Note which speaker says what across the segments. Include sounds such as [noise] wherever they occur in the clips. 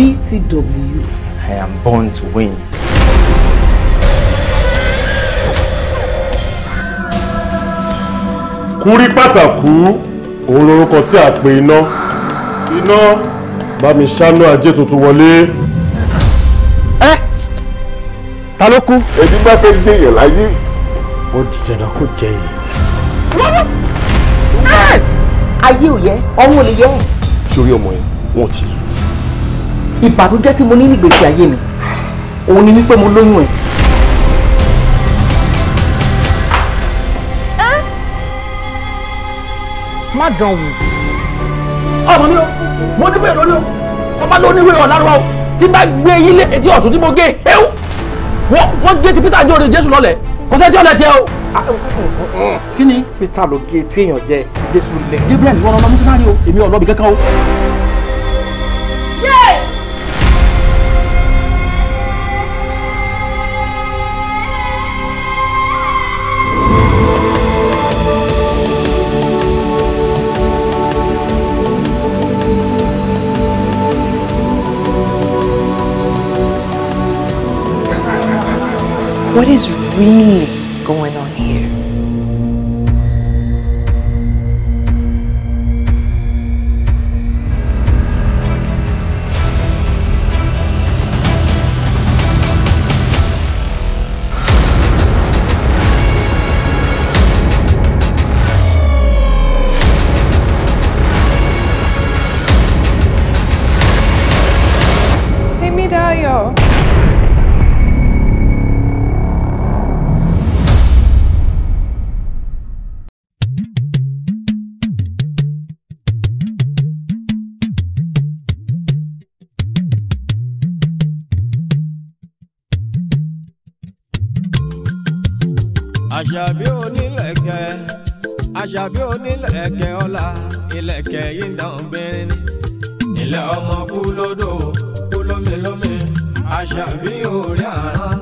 Speaker 1: BTW. I
Speaker 2: am born to win. Kuri pataku, òun lorúkọ tí ina pè iná. Iná bá mi ṣáná ajé tuntun wọlé. Ẹ ta ló kú? Ẹbí bá fẹ́ jẹyàn láyé. Ó jẹ náà kó jẹ
Speaker 3: yìí. Ayé ò yẹ, ọmọ ò lè yẹ.
Speaker 2: Sórí ọmọ yẹn, wọ́n ti lù ìbànújẹ́ tí mo ní nígbèsí ayé mi òun ni wípé mo lóyún ẹ. má dán wò. ọmọ mi o mo ní wèrè lórí o ọba ló ní wèrè ọ̀làrúwá o tí bá gbé yín lé etí ọ̀tún tí mo gé ewu wọ́n gé ti Peter jóore Jésù lọ́lẹ̀ kò sẹ́ni tí ọ̀lẹ̀ tiẹ̀ o. kí ni. Peter ló gé tí èèyàn jẹ Jésù lẹ. Gabriel ni wọn lọ mọ mísínárì o èmi ò lọ bí kankan o.
Speaker 1: what is really
Speaker 4: àṣàbí onílẹ̀kẹ̀ àṣàbí onílẹ̀kẹ̀ ọlá ìlẹ̀kẹ̀ yìí ń dán obìnrin ni. ilé ọmọ kú lódò kú lómìlómì àṣàbí orí àrán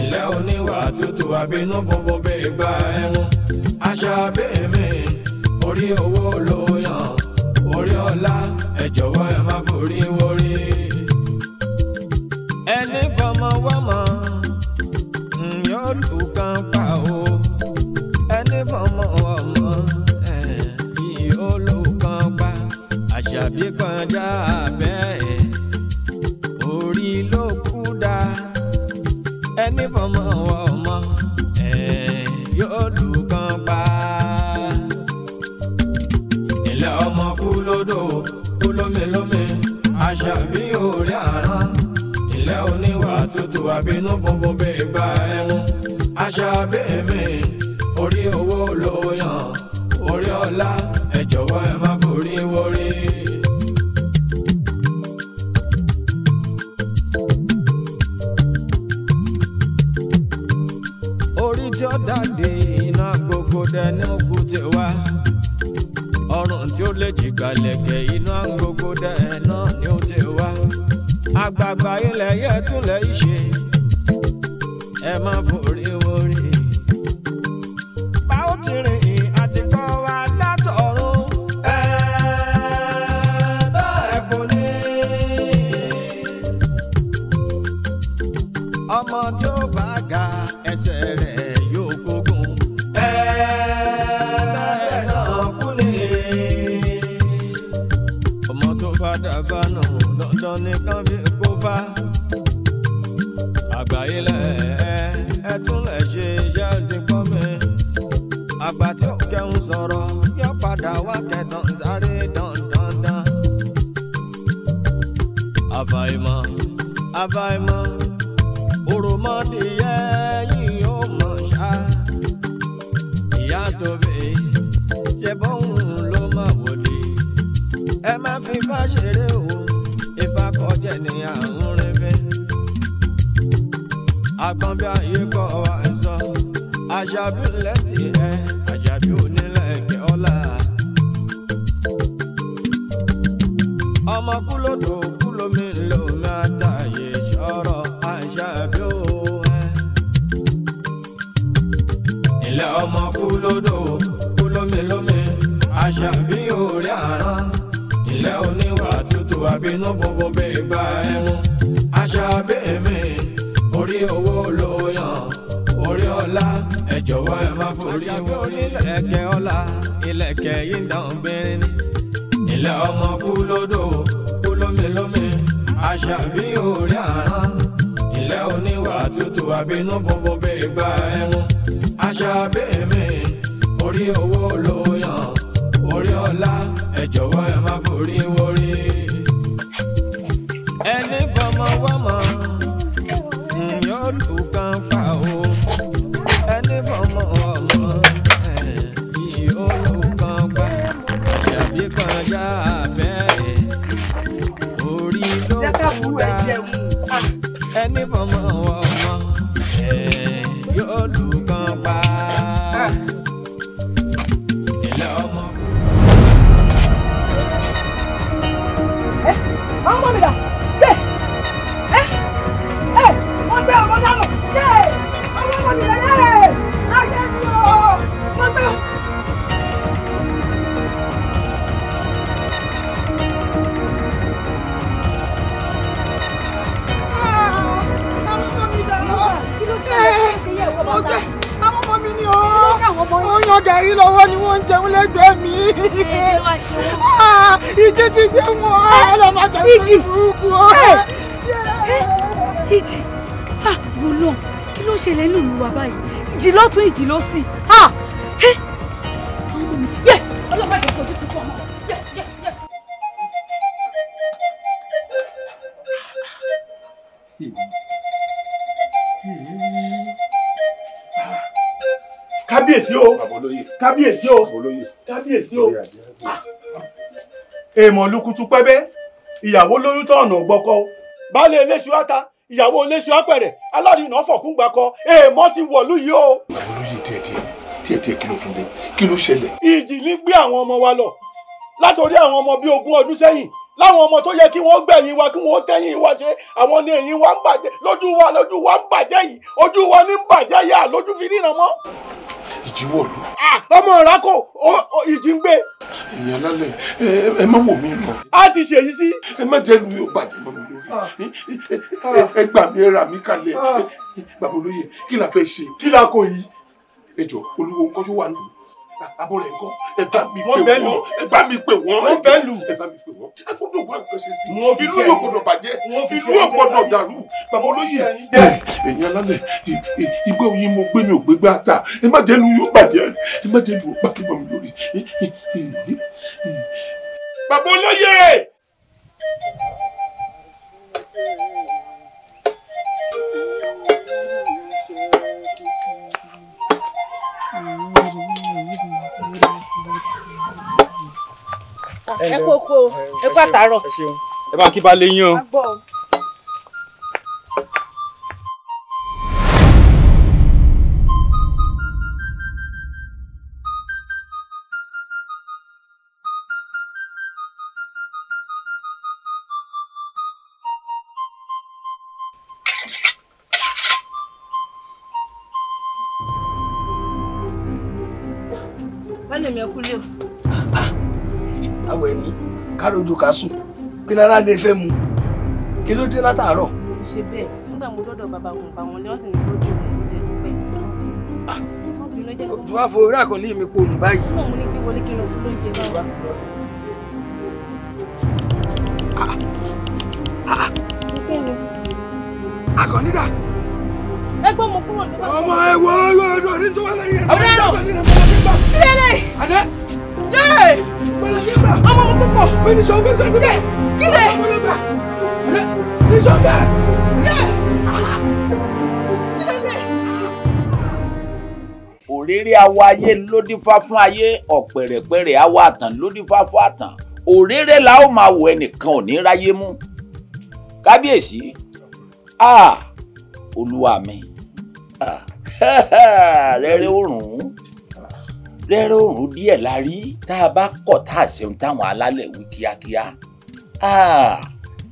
Speaker 4: ilé oníwà tútù àbínú funfun bí ìgbà ẹmu àṣàbí mi orí owó ló yàn orí ọlá ẹ jọ̀wọ́ ẹ má forí wọrí. tàbí kànjá bẹ́ẹ̀ orí ló kú dá ẹni fọmọ wọ ọmọ ẹ yóò dùkan pa. ilé ọmọ kú lódò kú lómelómi aṣàbí orí àrán ilé oníwà tútù àbínú funfun bí. lọ́rùn ló mọ̀ wọlé. ẹ má fi bá ṣeré o Ifá kọjá ní àrùn rẹ̀fẹ̀. àgbọn bí ayé kọ́ wa sọ Àṣàbí lẹ́tì ẹ Àṣàbí onílẹ̀ kẹ́ ọ́lá. ọmọ kúlódò kúlómi lòun àtàyè sọ̀rọ̀ Àṣàbí o. ilẹ̀ ọmọ kúlódò àṣàbí òré àrán ilẹ̀ oníwà tútù àbínú funfun bíi gba ẹmu àṣàbí mi orí owó ló yàn orí ọlá ẹ jọ̀wọ́ ẹ má forí wọ. ìlẹ̀kẹ̀ ọlá ìlẹ̀kẹ̀ yìí ń dán obìnrin ni. ilẹ̀ ọmọ kú lódò kú lómìlómì àṣàbí òré àrán ilẹ̀ oníwà tútù àbínú funfun bíi gba ẹmu àṣàbí mi orí owó ló yàn orí ọlá ẹ jọ̀wọ́ ẹ má forí wọrí. ẹni fọmọ wọmọ
Speaker 1: ìjì
Speaker 2: ìjì wò lọ kí ló ṣẹlẹ̀ nínú ìlú wa báyìí ìjì lọ́tún ìjì lọ́sì
Speaker 1: ọlọ́pàá ìjọba ojú tuntun ọmọ kábíyèsí
Speaker 2: o kábíyèsí o kábíyèsí o èèmọ̀ lukutu pẹ́bẹ́ ìyàwó lóyún tó ọ̀nà gbọ́kọ́ baálé eléṣu ata ìyàwó eléṣu apẹ̀rẹ̀ alárìnà fọ̀kúngba kọ èèmọ́ ti wọ̀lú yìí o. àìlóye díẹ̀ díẹ̀ díẹ̀ díẹ̀ kí ló tún dé kí ló ṣẹlẹ̀. ìjì ní gbé àwọn ọmọ wa lọ látòrí àwọn ọmọ bíi ogún ọdún sẹ́yìn láwọn ọmọ tó yẹ kí wọ́n gbẹ̀yìn wa kí wọ́n tẹ́yìn wa ṣe àwọn ni ẹ̀yìn wa ń bàjẹ́ lójú wa lójú wa ń bàjẹ́ yìí ojú wa ní ń bàjẹ́ yà lójú fi ríran mọ́ ìjì wò lù. ọmọ ìrákò ìjì ń gbé. èèyàn lálẹ́ ẹ má wò mí lọ. a ti ṣèyí sí. ẹ má jẹ́ lu yóò bàjẹ́ mọ́ mi lórí. ẹ gbà mí ẹ rà mí kalẹ̀. bàbá olóye kí la fẹ́ ṣe. kí la kò yí. ẹ jọ olúwo kọ́jú wà nù àbọ̀ rẹ̀ kọ́ ẹ bá mi pè wọ́n ẹ bá mi pè wọ́n wọ́n bẹ́ẹ̀ lù ẹ bá mi pè wọ́n a gbọ́dọ̀ wá nǹkan ṣe sí i ìlú yóò gbọ́dọ̀ bàjẹ́
Speaker 1: ìlú yóò gbọ́dọ̀
Speaker 2: dàrú bàbá olóyè ẹ̀yin alálẹ̀ ìgbà òyìn mo gbé mi ò gbégbá ta ẹ má jẹ́ lu yóò bàjẹ́ ẹ má jẹ́ lu ò bàjẹ́ bàmí lórí. bàbá olóyè.
Speaker 1: Mm-hmm. ẹ kú oko ẹ kú àtàárọ̀. ẹ bá kí balẹ̀ yín o.
Speaker 2: lùkásù kí lára lè fẹ́ mu kí ló dé látàárọ̀.
Speaker 4: kò ṣe bẹ́ẹ̀
Speaker 2: nígbà
Speaker 1: mo dọ́dọ̀ bàbá wọn bá wọn lẹ́wọ̀n sì ni ló dé òun ló dé pẹ́. wàá
Speaker 2: fo orí àkànní
Speaker 4: mi po òní báyìí. mo ní gbé wọlé kí n lọ fún lóúnjẹ báwa. Ah! Ah! àkànní dà. ẹgbọ́n mo kúrò nípa. ọmọ ẹ̀wọ̀n ẹ̀wọ̀n ẹ̀dùn ọ̀dún tó wà lẹ́yìn ẹ̀. ọ̀rẹ́ rẹ̀ kílẹ̀ lẹ́yìn ọmọ mi púpọ̀. pé ní sọ gbèsè ti bẹ̀. kí ni. ọmọ mi gbà. ní sọ bẹ́ẹ̀.
Speaker 2: òréré awọ ayé lódífá fún ayé ọ̀pẹ̀rẹ̀pẹ̀rẹ̀ awọ àtàn lódífá fún àtàn òréré la ó máa wò ẹnìkan ò ní ráyé mú kábíyèsí olúwa mi [laughs] rẹ́rẹ́ òrùn. rẹ́rọ̀rùn díẹ̀ la rí tá a bá kọ̀ tá a ṣeun táwọn alálẹ̀ wí kíákíá ah,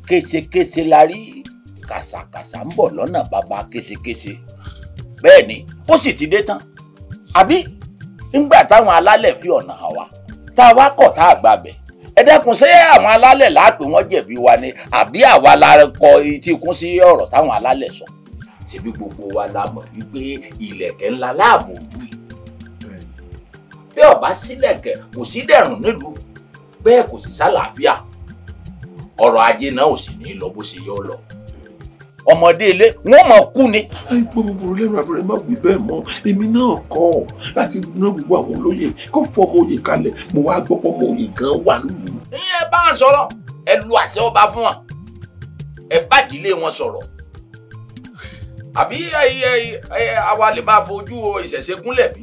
Speaker 2: késekése la rí kàṣàkàṣà ń bọ̀ lọ́nà bàbá késekése bẹ́ẹ̀ ni ó sì ti dé tán àbí nígbà táwọn alálẹ̀ fi ọ̀nà hàn wá tá a wá kọ̀ tá a gbàbẹ̀ ẹ dákun ṣé àwọn alálẹ̀ láàpẹ̀ wọ́n jẹ̀bi wa ni àbí àwa la kọ etí ikún sí ọ̀rọ̀ táwọn alálẹ̀ sọ ṣebí gbogbo wa la mọ̀ wípé ìlẹ̀kẹ̀ ńlá láàbò òdú yìí bí ọba sílẹ̀kẹ̀ kò sí dẹ̀rùn nílùú bẹ́ẹ̀ kò sì sálàáfíà ọrọ̀ ajé náà ò sì ní lọ bó ṣe yọ lọ ọmọdé ilé wọn mọ kú ni. ẹ gbọ́ gbogbo lẹ́nu àbúrò ẹ má wí bẹ́ẹ̀ mọ́ èmi náà kọ́ láti ná gbogbo àwọn olóyè kó fọmọ oyè kalẹ̀ mo wá gbọ́ pọ́mọ oyè gan wà lóyún. ìyẹn bá ń sọ̀rọ̀ ẹ lu àṣẹ ọba fún wọn ẹ bá ìdílé wọn sọ̀rọ̀ àbí àwa lè máa fojú ìṣẹ̀ṣe gúnlẹ̀ bí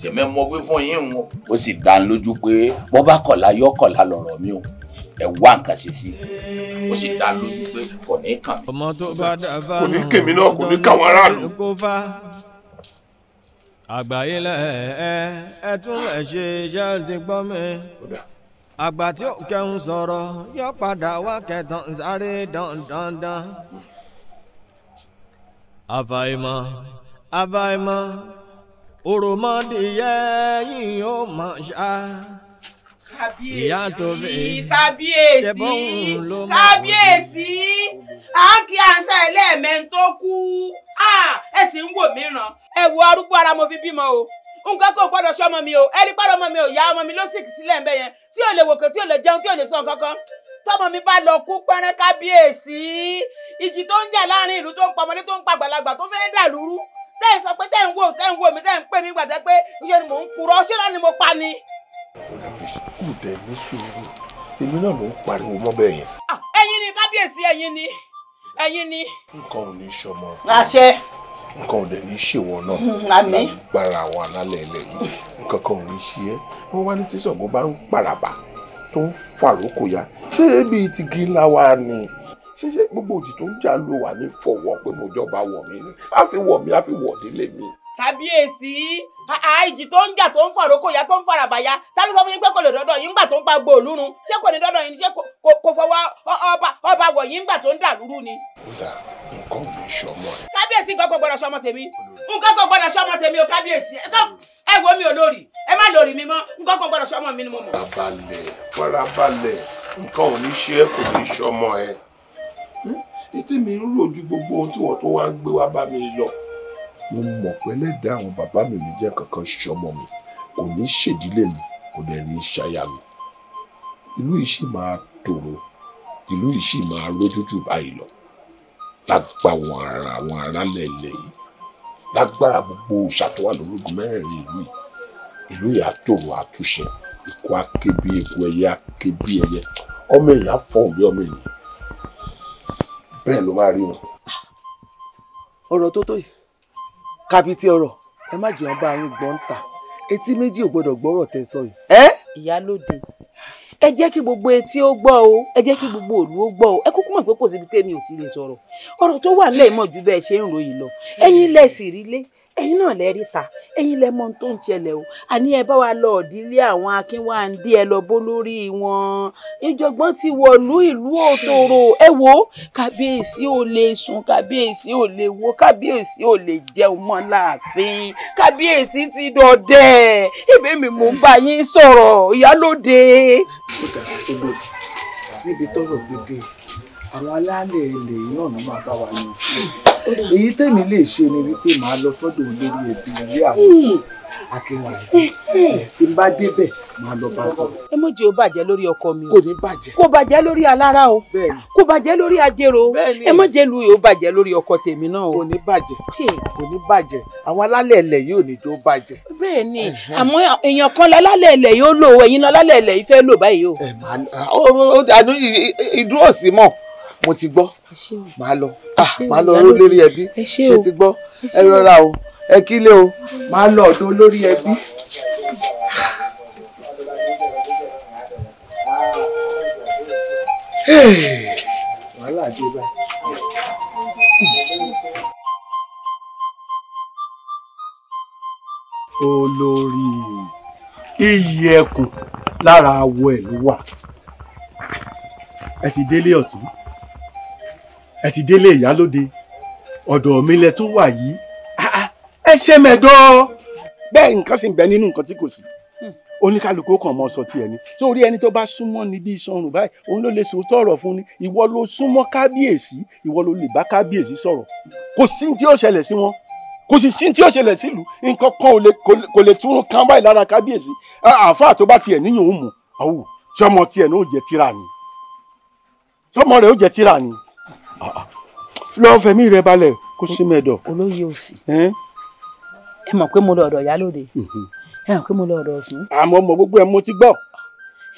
Speaker 2: tèmi mọ wí fún yín o. ó sì dá ń lójú pé bọ́ bá kọ̀lá yọ kọ̀lá mi o ẹ wá nǹkan ṣe sí i
Speaker 4: ó sì dá lójú pé kò ní kàn mí. kò ní kèmí náà kò ní káwọn aráàlú. àgbáyé lẹ ẹ tún lè ṣe iṣẹ́ ti gbọ́ mi àgbà tí ó kẹun sọ̀rọ̀ yọ padà wá kẹtàn sáré dandandan. Hmm. àfàìmọ̀ àfàìmọ̀ òròmọdìyẹ yìí ó mọ̀ ṣá. ìyá tó fi kábíyèsí kábíyèsí
Speaker 2: à ń kí àṣà ẹlẹ́ẹ̀mẹ́rin tó kú ẹ sì ń wò mí ràn ẹ wo arúgbó ara mo fi bímọ o nǹkan kò gbọdọ̀ sọmọ mi o ẹ rí pàrọ̀ ọmọ mi ò yá ọmọ mi ló sì kì sílẹ̀ ńbẹ yẹn tí ò lè wòkè tí ò lè jẹun tí ò lè sọ nǹkan kan tọmọ mi bá lọ kú pẹrẹ kábíyèsí ìjì tó ń jà láàrin ìlú tó ń pa ọmọdé tó ń pa àgbàlagbà tó fẹ́ dà lúrú tẹ́ ń sọ pé tẹ́ ń wò tẹ́ ń wò mí tẹ́ ń pè mí gbàdẹ́ pé iṣẹ́ ni mò ń purọ́ ṣé lọ́ni mo pa ni.
Speaker 1: olórí sùkúù dẹ ní sùúrù
Speaker 2: èmi náà ló ń pariwo mọ́ bẹ́ẹ̀ yẹn. ẹ̀yin ni kábíyèsí ẹ̀yin ni ẹ̀yin ni. nǹkan ò ní sọmọ. àṣẹ. nǹkan ò dẹ̀ ní ṣèwọ náà. Hmm, àmín. lágbára àwọn alálẹ̀ ilẹ̀ yìí nǹkan kan ò ní ṣe é wọ́n wá ní tí Ṣàngó bá ń pàràbà tó ń fàrókò ya ṣé ebi ti gíńlá wa ni ṣíṣe gbogbo òjì tó ń jà ló wà ní fọwọ́ pé mo jọba wọ̀ mí ni a fi wọ̀ mí a fi wọ̀ délé mi. kábíyèsí àìjì tó ń jà tó ń fàrókò ya tó ń farabàya tálí sọ fún yín pé kò lè dọ́dọ̀ yín ńgbà tó ń pa gbòòlùrun ṣé kò ní dọ́dọ̀ yín ṣé kò fọwọ́ ọba wọ̀ yín ńgbà tó ń dàlúrú ni. ó dà nǹkan ò ní sọmọ rẹ. kábíyèsí nǹkan kò gbọdọ̀ sọmọ tèmi nǹkan kò gbọdọ̀ sọmọ tèmi o kábíyèsí ẹ wo mi ò lórí ẹ má lórí mi mọ́ nǹkan kò gbọdọ̀ sọmọ mi ni mo mọ̀. farabalẹ̀ farabalẹ̀ nǹkan ò ní ṣe é kò ní sọmọ ẹ ètí mi ń rò ju gbogbo ohun tí wọ́n tó wá ń gbé wá bá mi lọ. mo mọ̀ pé lẹ́dàá àwọn bàbá mi ò ní jẹ́ kankan ṣọmọ mi kò ní ṣèdílé mi kò dẹ̀ ní ṣaya mi ìlú yìí sì máa tòrò ìlú yìí sì máa rójútù báyìí lọ lágbà wọn ara àwọn aráàlẹ̀ ilẹ̀ yìí lágbára gbogbo ṣàtọ́wà lórúkọ mẹ́rẹ̀ẹ̀rin ìlú yìí ìlú yìí àtòrò àtúnṣe ikú akébi ikú ẹyẹ akébi ẹyẹ ọmọ èèyàn fọ̀hún bí ọmọ ènìyàn bẹ́ẹ̀ ló máa rí wọn. ọ̀rọ̀ tó tó yìí kàbìtì ọ̀rọ̀ ẹ má jẹun bá yín gbọ́n ta etí méjì ò gbọ́dọ̀ gbọ́rọ̀ tẹ́ sọ yìí. ẹ. ìyálòde ẹ jẹ́ kí gbogbo etí ó gbọ́ o ẹ jẹ́ kí gbogbo òlú ó gbọ́ o ẹ kúkú mọ̀ pé kò síbi tèmi ò ti lè sọ̀rọ̀ ọ̀rọ̀ tó wà lẹ́ẹ̀mọ̀ ju bẹ́ẹ̀ ṣe ń ròyìn lọ ẹ̀yin lẹ́sìn rí lé ẹ̀yin náà lẹ rí ta ẹ̀yin lẹ mọ ohun tó ń ṣẹlẹ̀ o àní ẹ bá wa lọ ọdílé àwọn akínwáńdé ẹ lọ bó lórí wọn ìjọ̀gbọ́n ti wọ̀lú ìlú òtòrò ẹ wo kábíyèsí ò lè sùn kábíyèsí ò lè wo kábíyèsí ò lè jẹun mọ́ láàfin kábíyèsí ti dọdẹ ẹ̀bẹ̀ mi mò ń bá yín sọ̀rọ̀ ìyálòde. níbi tọrọ gbẹgbẹ àwọn alálẹ̀ ilẹ̀ yìí náà ló máa bá wa yan èyí tèmi lè ṣe ni wípé màá lọ sọ́dọ̀ olórí ẹbí ilé àwọn akínwá tí n bá débẹ̀ màá lọ bá sọ. ẹ mọ̀ jẹ́ ó bàjẹ́ lórí ọkọ mi. kò ní bàjẹ́. kò bàjẹ́ lórí alára o. bẹ́ẹ̀ni. kò bàjẹ́ lórí ajérò o. bẹ́ẹ̀ni. ẹ mọ̀ jẹ́ lu yóò bàjẹ́ lórí ọkọ tèmi náà o. kò ní bàjẹ́. kò ní bàjẹ́ àwọn alálẹ̀ ilẹ̀ yóò ní tó bàjẹ́. bẹ́ẹ̀ni àmọ́ èèyàn kan lálẹ́ ilẹ̀ yóò lò ẹ̀yin lálẹ́ ilẹ̀ yìí fẹ́ lò báyìí o. ẹ máa mo ti gbọ́ màá lọ ah, màá lọ ró lórí ẹbí ṣe ti gbọ́ ẹ rọra o ẹ kílé o màá lọ ọ̀dọ̀ lórí ẹbí. olórí iyì ẹkùn lára awọ ẹ ló wà ẹ ti délé ọ̀tún ẹ ti délé ìyálóde ọ̀dọ̀ mi lẹ tó wà yìí ah, ah, ẹ ṣe mẹ́dọ́. bẹ́ẹ̀ nǹkan sì ń bẹ nínú nǹkan tí kò sí hmm. oníkálukú kàn mọ́ sọ tiẹ̀ ni sórí ẹni tó bá súnmọ́ ni bí sọrùn báyìí òun ló lè sòótọ́ ọ̀rọ̀ fún ni ìwọ ló súnmọ́ kábíyèsí ìwọ ló lè bá kábíyèsí sọ̀rọ̀ kò sí tí yóò ṣẹlẹ̀ sí wọn kò sì sí tí ó ṣẹlẹ̀ sílùú nǹkan kan kò lè tún kán báyìí lára kábíyèsí àáfàá tó bá tiẹ̀ níyàn ó mú àwù sọmọ tiẹ̀ ní ó jẹ tíra ni sọmọ rẹ̀ ó jẹ tíra ni lọ fẹ̀mí rẹ balẹ̀ kó sí mẹ́dọ̀. olóyè òsì ẹ mọ̀ pé mo lọ ọ̀dọ̀ yálòde mhm. ẹ mọ̀ pé mo lọ ọ̀dọ̀ ọ̀fun. àmọ́ mo gbogbo ẹ̀ mo ti gbọ́.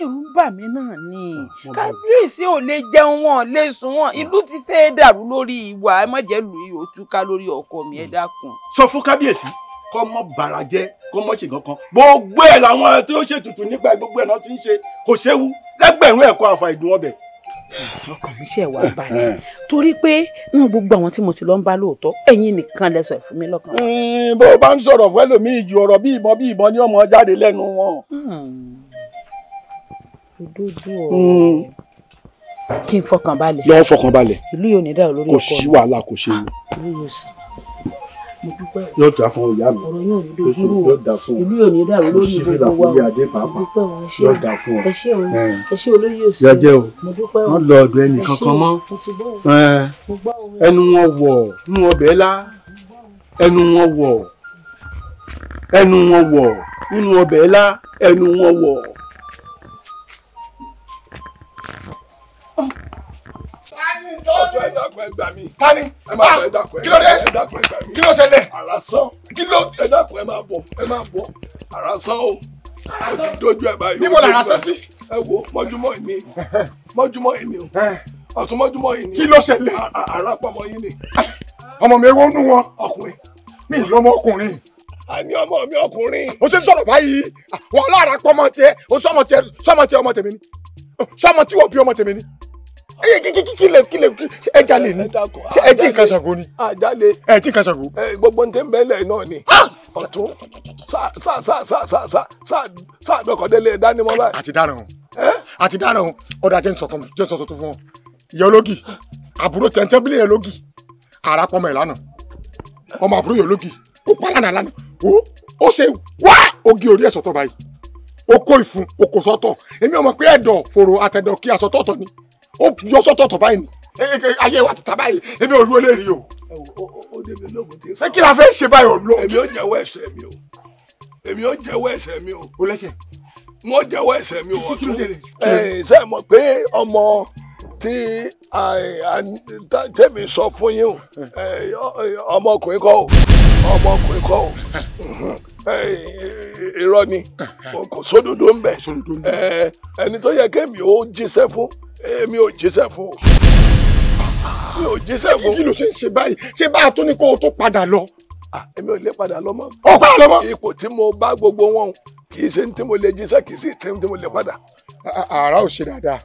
Speaker 2: ẹ̀rù bà mí náà ni ah, kábíyèsí ò lè jẹun wọn lè sùn wọn ah. ìlú ti fẹ́ dàrú lórí ìwà ẹ má jẹ́ lù í òtúká lórí ọkọ mi ẹ mm. dákun. sọ fún kábíyèsí kọ́ mọ́ bàrà jẹ́ kọ́ mọ́ ṣègàn kan gbogbo ẹ̀ làwọn tí ó ṣètùtù nígbà gbogbo ẹ̀ náà ti ń ṣe kò séwu lẹ́gbẹ̀rún ẹ̀kọ́ àfà ìdùn ọbẹ̀ ọkàn mi ṣe wà balẹ̀ torí pé nínú gbogbo àwọn tí mo ti lọ ń bá lóòótọ́ ẹ̀yin nìkan lẹ sọ fún mi lọ́kàn. Hmm, bó o bá ń sọ̀rọ̀ fún ẹlòmíì ju ọ̀rọ̀ bí ìbọn bí ìbọn ni ọmọ jáde lẹ́nu wọn. òdodo hmm. ọ̀rọ̀ hmm. kí n fọkàn balẹ̀. lọ́ọ́ fọkàn balẹ̀. ìlú yóò ní dáhùn lórí ọkọ mi kò sí wàhálà kò ṣe é yóò dà fún ìyá mi oṣù yóò dà fún ọ oṣù sí fìlà fún ilé adé
Speaker 1: pàápàá yóò dà fún ọ yọjẹ o wọn lọ ọ̀dọ̀ ẹnì kankan mọ́
Speaker 2: ẹnu wọn wọ nínú ọbẹ̀ lá ẹnu wọn wọ ẹnu wọn wọ nínú ọbẹ̀ lá ẹnu wọn wọ. Oh ọjọ́ ẹ dákun ẹ gbà mí. tani ah! kí ló dé kí ló ṣẹlẹ̀. àràsán kí ló ẹ dákun ẹ máa o o
Speaker 1: ti dojú ẹ báyìí. níbo la àràsán sí.
Speaker 2: ẹ wo mọ́júmọ́ ìní mọ́júmọ́ ìní o eh. ọ̀tún mọ́júmọ́ ìní. kí ló ṣẹlẹ̀. àràpamọ́ yín ni. Eh, ọmọ mi ewo nu wọn. ọkùnrin mi lọmọ ọkùnrin àní ọmọ mi ọkùnrin. o ti sọ̀rọ̀ báyìí wọ́n lára pọ́ ọmọ tiẹ̀ o sọ ọmọ tiẹ̀ ọmọ tèmi ni sọ ọmọ tí wọ́n bí ọmọ tèmi ni ẹ kí kí kí kílẹ̀ kílẹ̀ ẹ jalè ni ṣe ẹ tí nǹkan ṣàgó ni ẹ tí nǹkan ṣàgó. gbogbo ntẹ́ ń bẹ́lẹ̀ náà ni sa, sa, dánimọ̀ báyìí. àti dáràn o àti dáràn o ọ̀dà jẹ́ nsọ̀kan jẹ́ nsọ̀tún tó fún ọ ìyá ológì àbúrò tẹ̀ntẹ́bílẹ̀ yẹn lógì àràpọ̀ ọmọ ìlànà ọmọ àbúrò yẹn lógì ó pàlànà lánàá ó ó ṣe wá ogi orí ẹ̀ sọ̀tọ̀ báyìí ó kó ìfun ó kó sọ́tọ̀ èmi ọmọ pé ẹ̀dọ̀ fòrò àtẹ̀dọ̀ kí asọ̀tọ̀ ọ̀tọ̀ ni ó yọ sọ́tọ̀ tọ̀ báyìí ni ayé wa tọ̀tà báyìí èmi ò rú eléyìí o. o débi ológun ti sọ. ṣé kí la fẹ́ ṣe báyìí ọ̀nà. èmi ò jẹ́wọ́ ẹ̀ṣẹ̀ mi o èmi ò jẹ́wọ́ ẹ̀ṣẹ̀ mi o. o lẹ́sẹ̀. n ó jẹ́wọ́ ẹ̀ṣẹ̀ mi o ọ̀tún. ṣé ẹ mọ̀ pé ọmọ tí tèmi sọ fún yín o ọmọkùnrin kọ́ o ọmọkùnrin kọ́ o irọ́ ni kò sódodo ń bẹ ẹni tó yẹ kémi ó jíṣẹ́ fún èmi eh, ò jíṣẹ́ fún o mi ò jíṣẹ́ fún o. kí ló ṣe ń ṣe báyìí ṣé bá a tún ní kó o tó padà lọ. Ah, èmi ò lè padà lọ mọ́. ó padà lọ mọ́. ipò tí mo bá gbogbo wọn kì í ṣe ní tí mo lè jíṣẹ́ kì í sì tí mo lè padà. ààrà ò ṣe dáadáa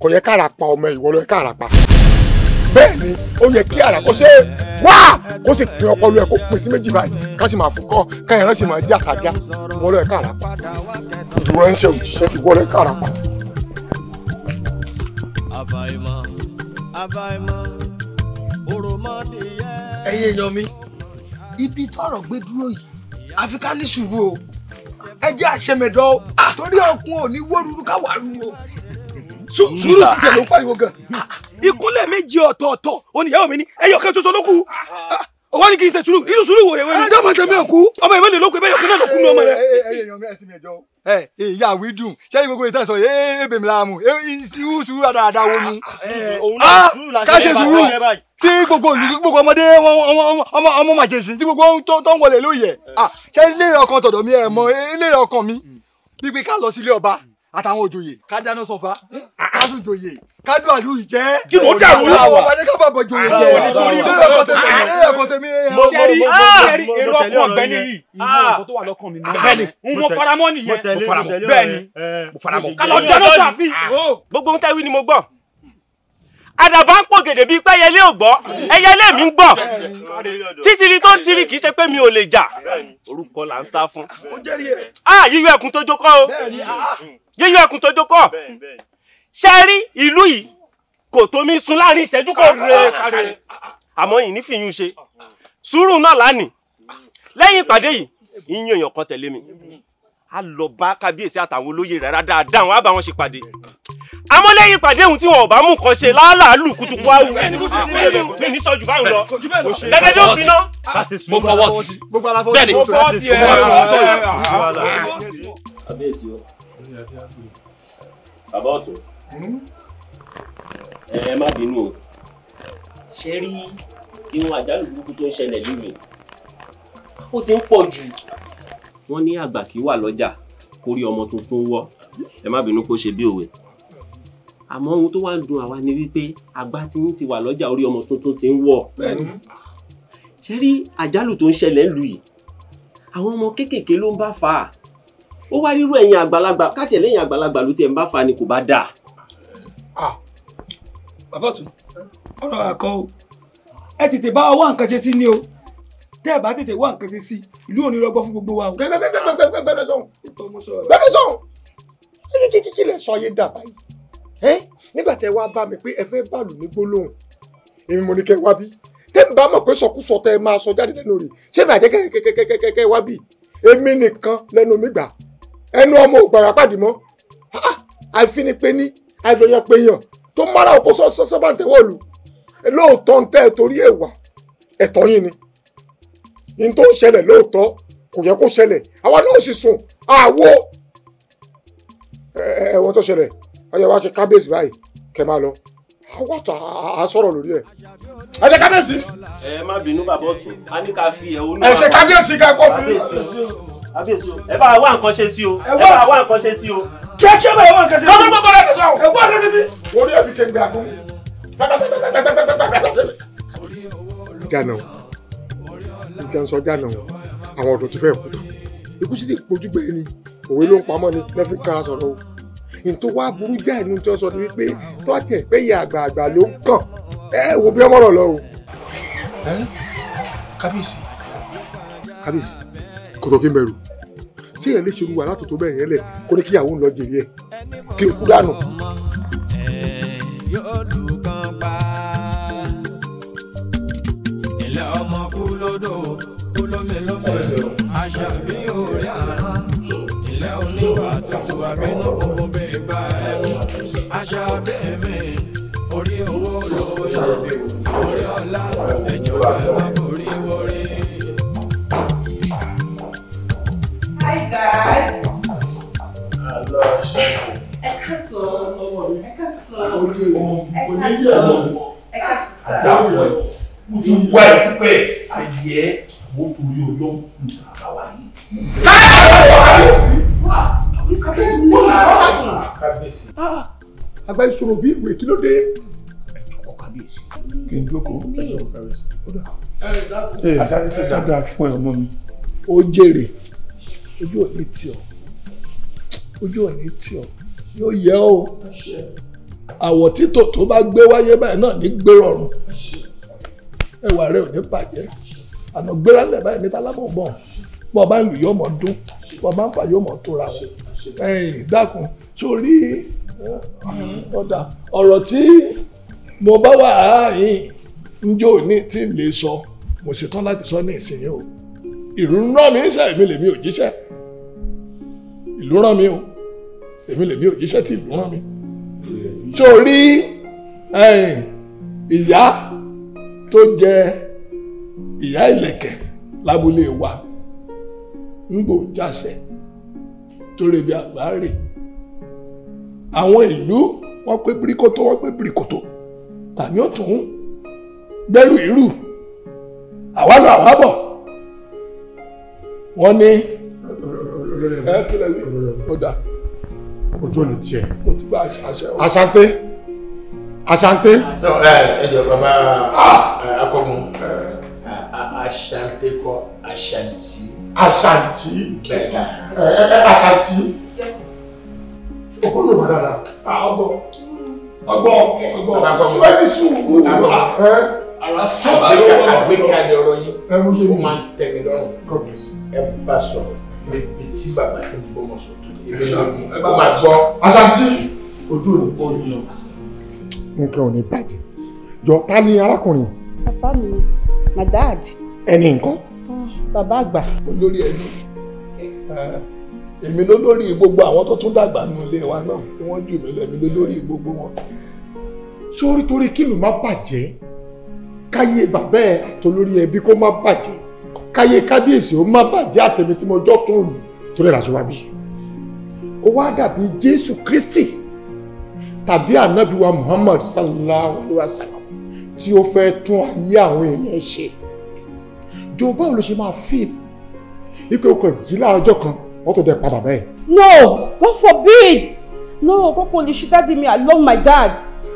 Speaker 2: kò yẹ káàrà pa ọmọ ìwọ lọ yẹ káàrà pa bẹ́ẹ̀ ni ó yẹ kí àrà kó ṣe wá kó sì pín ọpọlọ ẹ kó pín sí méjì báyìí ká sì máa fúkọ́ ká ẹran máa jẹ́ àkàjá ìwọ lọ yẹ káàrà pa ìwọ ẹ ń ṣe òjíṣẹ́
Speaker 4: àfàìmọ̀ àfàìmọ̀ òròmọdìyẹ. ẹ̀yin èèyàn mi ibi tọ́rọ̀ gbé dúró yìí àfi ká ní
Speaker 2: sùúrù o ẹ jẹ́ àṣemẹ̀dọ́ o ah! torí ọkùn ò ní wó ruru ká wà ruru o sùúrù títẹ̀ ló ń pariwo gan. Ah! ìkúnlẹ̀ méjì ọ̀tọ̀ọ̀tọ̀ oníyàwó mi ní ẹyọ kẹ́tọ́ sọ lókù ọwọ́ ni kì í ṣe sùúrù irú sùúrù wò yẹwò ni. dábàá tẹ̀mí ẹ̀ kú. ọmọ ìwé lè lóko ìbẹ́yọ̀ kan náà ló kú ní ọmọ rẹ. ẹ ẹ ìyá àwí dùn sẹ́ni gbogbo ìtàn sọ yé èbèmí la mu irú sùúrù àdáadáa wo ni. ká ṣe sùúrù tí gbogbo olùkí gbogbo ọmọdé ọmọ ọmọ màjèṣin tí gbogbo tó ń wọlé lóye sẹ́ni lé ọkàn tọ̀dọ̀ mi ẹ̀ mọ lé ọkàn mi bí pé ká lọ sílé ọba àtàwọn òjòyè ká dáná sọfà ká sùn jòyè ká dùn àlù ìjẹ. kí ló dàrú yìí. àwọn ọba ní ká bàbọ̀ jòyè jẹ. ilé ẹ̀kọ́ tèmi ilé ẹ̀kọ́ tèmi. mo ṣe rí ah! èrò ọkọ ọ̀gbẹ́ni yìí. ìwọ tó wà lọ́kàn mi náà. bẹ́ẹ̀ni n mo faramọ́ nìyẹn. mo faramọ́ bẹ́ẹ̀ni ah! mo faramọ́. kálọ̀ dáná sọ àfin. gbogbo ń tẹ́wí ni mo gbọ́ àdàbà ń pò gèdè bíi pé ẹyẹlé ò gbọ́ ẹyẹlé mi ń gbọ́ títìrì tó ń tiri kì í ṣe pé mi ò lè jà orúkọ là ń sá fún. yíyọ ẹkùn tó jókòó o yíyọ ẹkùn tó jókòó ṣe rí ìlú yìí kò tómi sun láàrin ìṣẹ́jú kan rèé àmọ́ yìí ní fìyún ṣe sùúrù náà lánìí lẹ́yìn ìpàdé yìí ìyín èèyàn kan tẹ̀lé mi a lọ bá kábíyèsí àtàwọn olóyè rẹ̀ rá wọn á bá wọn ṣèpàdé àmọ́ lẹ́yìn ìpàdé ohun tí wọn ò bá mú nǹkan ṣe láàlàálù kùtùkù awu mi ní sọ jù báwọn lọ gẹ́gẹ́ bí ó fi ná. mo fọwọ́ sí bẹ́ẹ̀ ni mo fọwọ́ sí ẹ. abẹ́ẹ̀sì o bàbá ọ̀tún ẹ má bínú o ṣe rí irun àjálù burúkú tó ń ṣẹlẹ̀ lú mi ó ti ń pọ̀ jù. wọ́n ní àgbà kì í wà lọ́jà kórí ọmọ tuntun wọ́ ẹ má bínú kó ṣe bí òwe àmọ́ ohun tó wá ń dùn àwa ni wípé àgbá tí yín ti wà lọ́jà orí ọmọ tuntun ti ń wọ̀. ṣe rí àjálù tó ń ṣẹlẹ̀ lù yìí àwọn ọmọ kéékèèké ló ń bá fà á ó wá rírú ẹ̀yìn àgbàlagbà káàtì ẹ̀ lẹ́yìn àgbàlagbà ló tiẹ̀ ń bá fà á ni kò bá dáa. bàbá tù ọ̀rọ̀ àkọ́ o ẹ tètè bá wá nǹkan ṣe sí ni o tẹ́ ẹ bá tètè wá nǹkan ṣe sí ìlú òní rọgbọ fún gbogbo wa o. gbẹdẹsọ̀hún
Speaker 4: gbẹdẹsọ̀hún
Speaker 2: kíkíkí lè sọ yé dàbá yìí nígbà tẹ wá bá mi pé ẹ fẹ́ bàlù ní gbólóhùn èmi mo ní kẹ wá bí tẹ n bá mọ̀ pé sọkúsọ tẹ máa sọ jáde lẹ́nu rẹ̀ ṣé mi àjẹ́ kẹ́kẹ́kẹ́kẹ́ wá bí èmi nìkan lẹ́nu mi gbà ẹnu ọmọ ògbàrà pàdé mọ́ àìfinipé ní àìfẹyànpéyàn tó mára òkú sọ́sọ́bà tẹ́wọ́lù lóòótọ́ ń tẹ́ torí ẹ̀wà ẹ̀tọ́ yín ni yín tó ń ṣẹlẹ̀ lóòótọ́ kò yẹ kó ṣẹlẹ̀ àwa náà sì sùn àwo ẹ̀wọ̀n tó ṣẹlẹ̀ ọyọ wa ṣe kábíyèsí báyìí kẹ máa lọ àwọtọ à sọ̀rọ̀ lórí ẹ. ẹ ṣe kábíyèsí. ẹ má bínú bàbá ọtún a ní ká fi ẹ̀hónú. ẹ ṣe kábíyèsí ká kó bí. ẹ bá wá nǹkan ṣe sí o ẹ bá wá nǹkan ṣe sí o. kí ẹ ṣe bá wá nǹkan ṣe sí o. kọ́mọ́ bọ́lá ẹ̀ sọ̀rọ̀. ẹ wá nǹkan ṣe sí. orí ẹ̀mí kẹ́ńgbẹ́ àgbọ̀n jana o ìjà ń sọ jana o àwọn ọ̀dọ́ ti fẹ́ kú tán ikú sì ti pojú gbẹ̀yìn ni òwe ló ń pamọ́ ni lẹ́fí kára sọ̀rọ̀ o tó wá burú jáì nínú tí wọ́n sọ ni wípé tọ́tì ẹ̀ pé ìyá àgbààgbà ló ń kàn ẹ wò bí ọmọ rọ̀ lọ o. ẹ kábíyèsí kábíyèsí kòtò kí n bẹ̀rù ṣé èèyàn lè ṣerú wa látòtò bẹ́ẹ̀ yẹn lẹ̀ kó ní kíyàwó ń lọ jèrè ẹ̀ kí o kú dànù.
Speaker 4: ilé ọmọ kú lódò kú lómìlómì aṣọ àbí òòrè àrán ilé oníwà tuntun àbínú kò aṣọ bẹ́ẹ̀ mi orí owó lówó orí ọlá ẹjọ́ ẹ má borí wọrí.
Speaker 2: Hi guys. Hello, ẹ ká sọ ẹ ká sọ ẹ ká sọ ẹ ká sọ.
Speaker 1: Àdáwọ̀
Speaker 2: mo ti wá ẹ tí pé àyẹ̀ mo torí ọjọ́ àbáwá yìí.
Speaker 1: Káyọ̀ wọ̀ kábíyèsí. Kábíyèsí. Kábíyèsí. Ah, ah, ah
Speaker 2: àgbà ìṣòro bí ìwé kí ló dé. ẹ kí n jókòó ẹ jókòó kábíyèsí. ẹ aṣáájú sí dáadáa fún ẹ ọmọ mi. ó jèrè ojú ò ní tì ojú ò ní tì yóò yẹ ọ́ àwọ̀ títò tó bá gbé wáyé báyìí náà ní gbé rọrùn ẹwà rẹ ò ní bàjẹ́ àná gbéra lẹ̀ báyìí níta lábọ̀nbọ̀n bọ́ bá ń lù yọmọ dún bọ́ bá ń fà yọmọ tóra wọn ẹ̀yìn dákun sórí ọ̀dà ọ̀rọ̀ tí mo bá wà áyìn njó ní tí lè sọ mo ṣetán láti sọ ní ìsinyìí o ìlú rán mi níṣẹ́ èmi lèmi ò jíṣẹ́ ìlú rán mi o èmi lèmi ò jíṣẹ́ tí ìlú rán mi sórí ìyá tó jẹ ìyá ìlẹ̀kẹ̀ lábúlé wa ń gbòjáṣẹ torí ibi àgbáre àwọn ìlú wọ́n pé birikoto wọ́n pé birikoto tàbí òtún gbẹ́rù irú àwa lọ àwa bọ̀ wọ́n ní. ẹ kílẹ̀ wí ó dà. ojú ọ̀nà tiẹ̀. mo ti gba àṣẹ wa. asante asante. ẹ jọ bàbá akọgun asante kọ asanti. asanti asanti ọkọ ló wà dáadáa. a ah, mm. ọgbọ ọgbọ ọgbọ ṣùgbọ́n ní sùúrù wúwo a ara sábà yóò wọ́n. àgbékalẹ̀ ọ̀rọ̀ yín ó máa ń tẹ̀ mí lọ́rùn ẹ bá sọ̀rọ̀ níbi tí bàbá ti ń bọ́ mọ̀ sọ̀tún ẹ bá máa gbọ́. aṣáájú ojú òní kò ní lọ. nǹkan ò ní bàjẹ́ jọ ta ni arákùnrin. bàbá mi my dad. ẹni nǹkan. Ah, bàbá àgbà. olórí ẹbí. Eh èmi ló lórí gbogbo àwọn tó tún dàgbà nínú ilé wa náà tí wọ́n jù mí lẹ́mi ló lórí gbogbo wọn. sórí torí kílù má bàjẹ́ káyé bàbá ẹ àtolórí ẹbí kó má bàjẹ́ káyé kábíyèsí ó má bàjẹ́ àtẹ̀mí tí mo jọ́ tó lù torí ìràṣọ wa bí. ó wá dàbí jésù kristi tàbí ànábì wa muhammad sallallahu alayhi wa sallam tí ó fẹ́ tún ayé àwọn èèyàn ṣe. jọba ò lè ṣe máa fíìmù ipò ọkọ̀ jí láàárọ̀ ọjọ́ kan mọ́tò dẹ̀ pa bàbá ẹ̀. no God forbid no kókó lè ṣe dáàdi mi I love my dad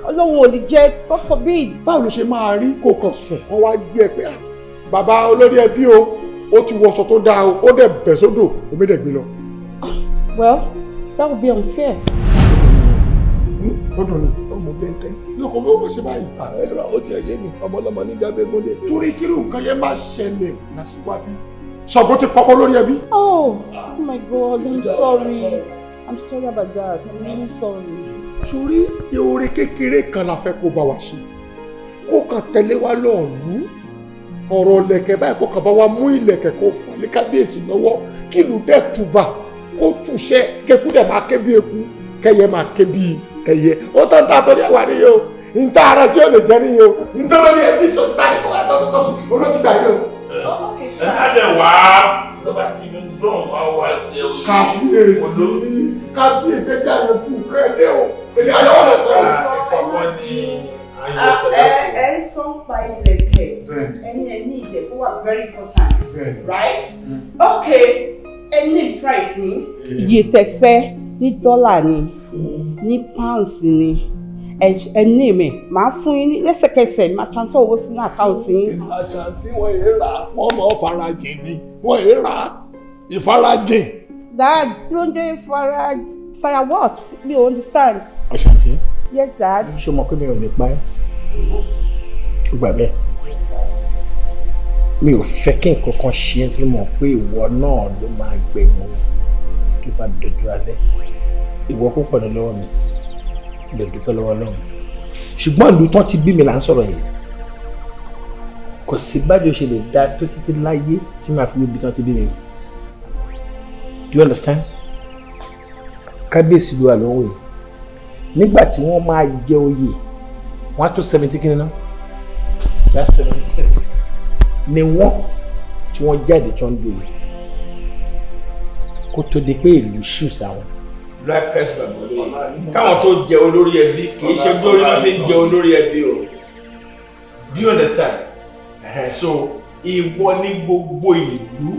Speaker 2: ọlọ́run ò lè jẹ́ God forbid. báwo ló ṣe máa rí kò kàn sùn kán wá jí ẹ pé ah, bàbá olórí ẹbí o ó ti wọṣọ tó dáa o ó dẹ̀ bẹ̀ sódò omi dẹ̀ gbé lọ. Ah, well that would be unfair hmm? lọ́dọ̀ ni. ọmọ bẹ́ntẹ́. lọkọ bí o bá ṣe báyìí. ààrẹ ah, ra ó ti ẹyẹ mi ọmọ ọlọmọ ní jábẹ́gúndé. torí kírun nǹkan yẹn máa ṣẹlẹ̀ lásìkò àbí. Ṣàngó ti pọ́pọ́ lórí ẹbí. Oh my God, I'm sorry. I'm sorry about that. I'm really sorry. Sori ìhòòrè kékeré kan la fẹ́ kó bá wa ṣe. Kó kàn tẹ̀lé wa lọ́ọ̀lú. Ọ̀rọ̀ ìlẹ̀kẹ̀ báyìí kó kàn bá wa mú ìlẹ̀kẹ̀ kó fà lé kábíyèsí lọ́wọ́. Kí ìlú dẹ̀ tùbà kó túṣẹ́ kẹ́kú dẹ̀ máa ké bí eku kẹ́yẹ máa ké bí ẹyẹ. Ó tán ta àtọ́rí àwa nìyẹn o. Ìta ara tí ó lè jẹ́ nìyẹn o. Ìta lórí ẹbí sọ̀tún
Speaker 3: tàbí kó wá sọ̀tún
Speaker 2: sọ̀tún olótìgbà yẹn o sáàdẹ̀ wá tọ́ba tí mi dùn wá wá jẹ́ òye. kàbíyèsí kàbíyèsí ẹjẹ́ àyẹ̀kú kẹ́lẹ́ o èdè àyẹ̀wò rẹ̀ sọ̀rọ̀.
Speaker 1: ìkọ̀kọ̀ ah, ni ah,
Speaker 2: ẹ ń sọ pa ilẹ̀kẹ̀ ẹni ẹ ní kó wà very important right hmm. okay ẹni price ni. Eh. iye tẹ fẹ́ ní dọ́là ni ní pounds ni ẹ ní mi màá fún yín lẹ́sẹ̀kẹsẹ̀ máa transfer owó sínú àkáǹtì yín. àṣà tí wọ́n yé rà wọ́n mọ̀ farajìn ni wọ́n yé rà ìfarajìn. dad kí ló ń jẹ́ fara fara what mi ò understand. Àṣàntí. yes dad. ṣé o mọ̀ pé mi ò ní pa ẹ́ o gbà bẹ́ẹ̀ mi ò fẹ́ kí nǹkan kan ṣe é tí mo pé ìwọ náà ló máa gbẹ̀wò tó bá dojú alẹ́ ìwọ púpọ̀ ní lọ́wọ́ mi lè dúpẹ́ lọ́wọ́ Ọlọ́run ṣùgbọ́n ìlú tán ti bí mi là ń sọ̀rọ̀ yìí kò sí bájọ ṣe lè dá tó títí láyé tí màá fi wíbi tán ti bí mi do you understand kábíyèsí ló wà lóhùn yìí nígbà tí wọ́n máa jẹ oyè wọ́n á tó seventy kí ni ná that's seventy six ni wọ́n tí wọ́n jáde tó ń do yìí kó tó di pé ìlú ṣù sáwọn black christ bàbá olóyè káwọn tó jẹ olórí ẹbí kì í ṣe olórí ló fi ń jẹ olórí ẹbí o do you understand so ìwọ ní gbogbo ìlú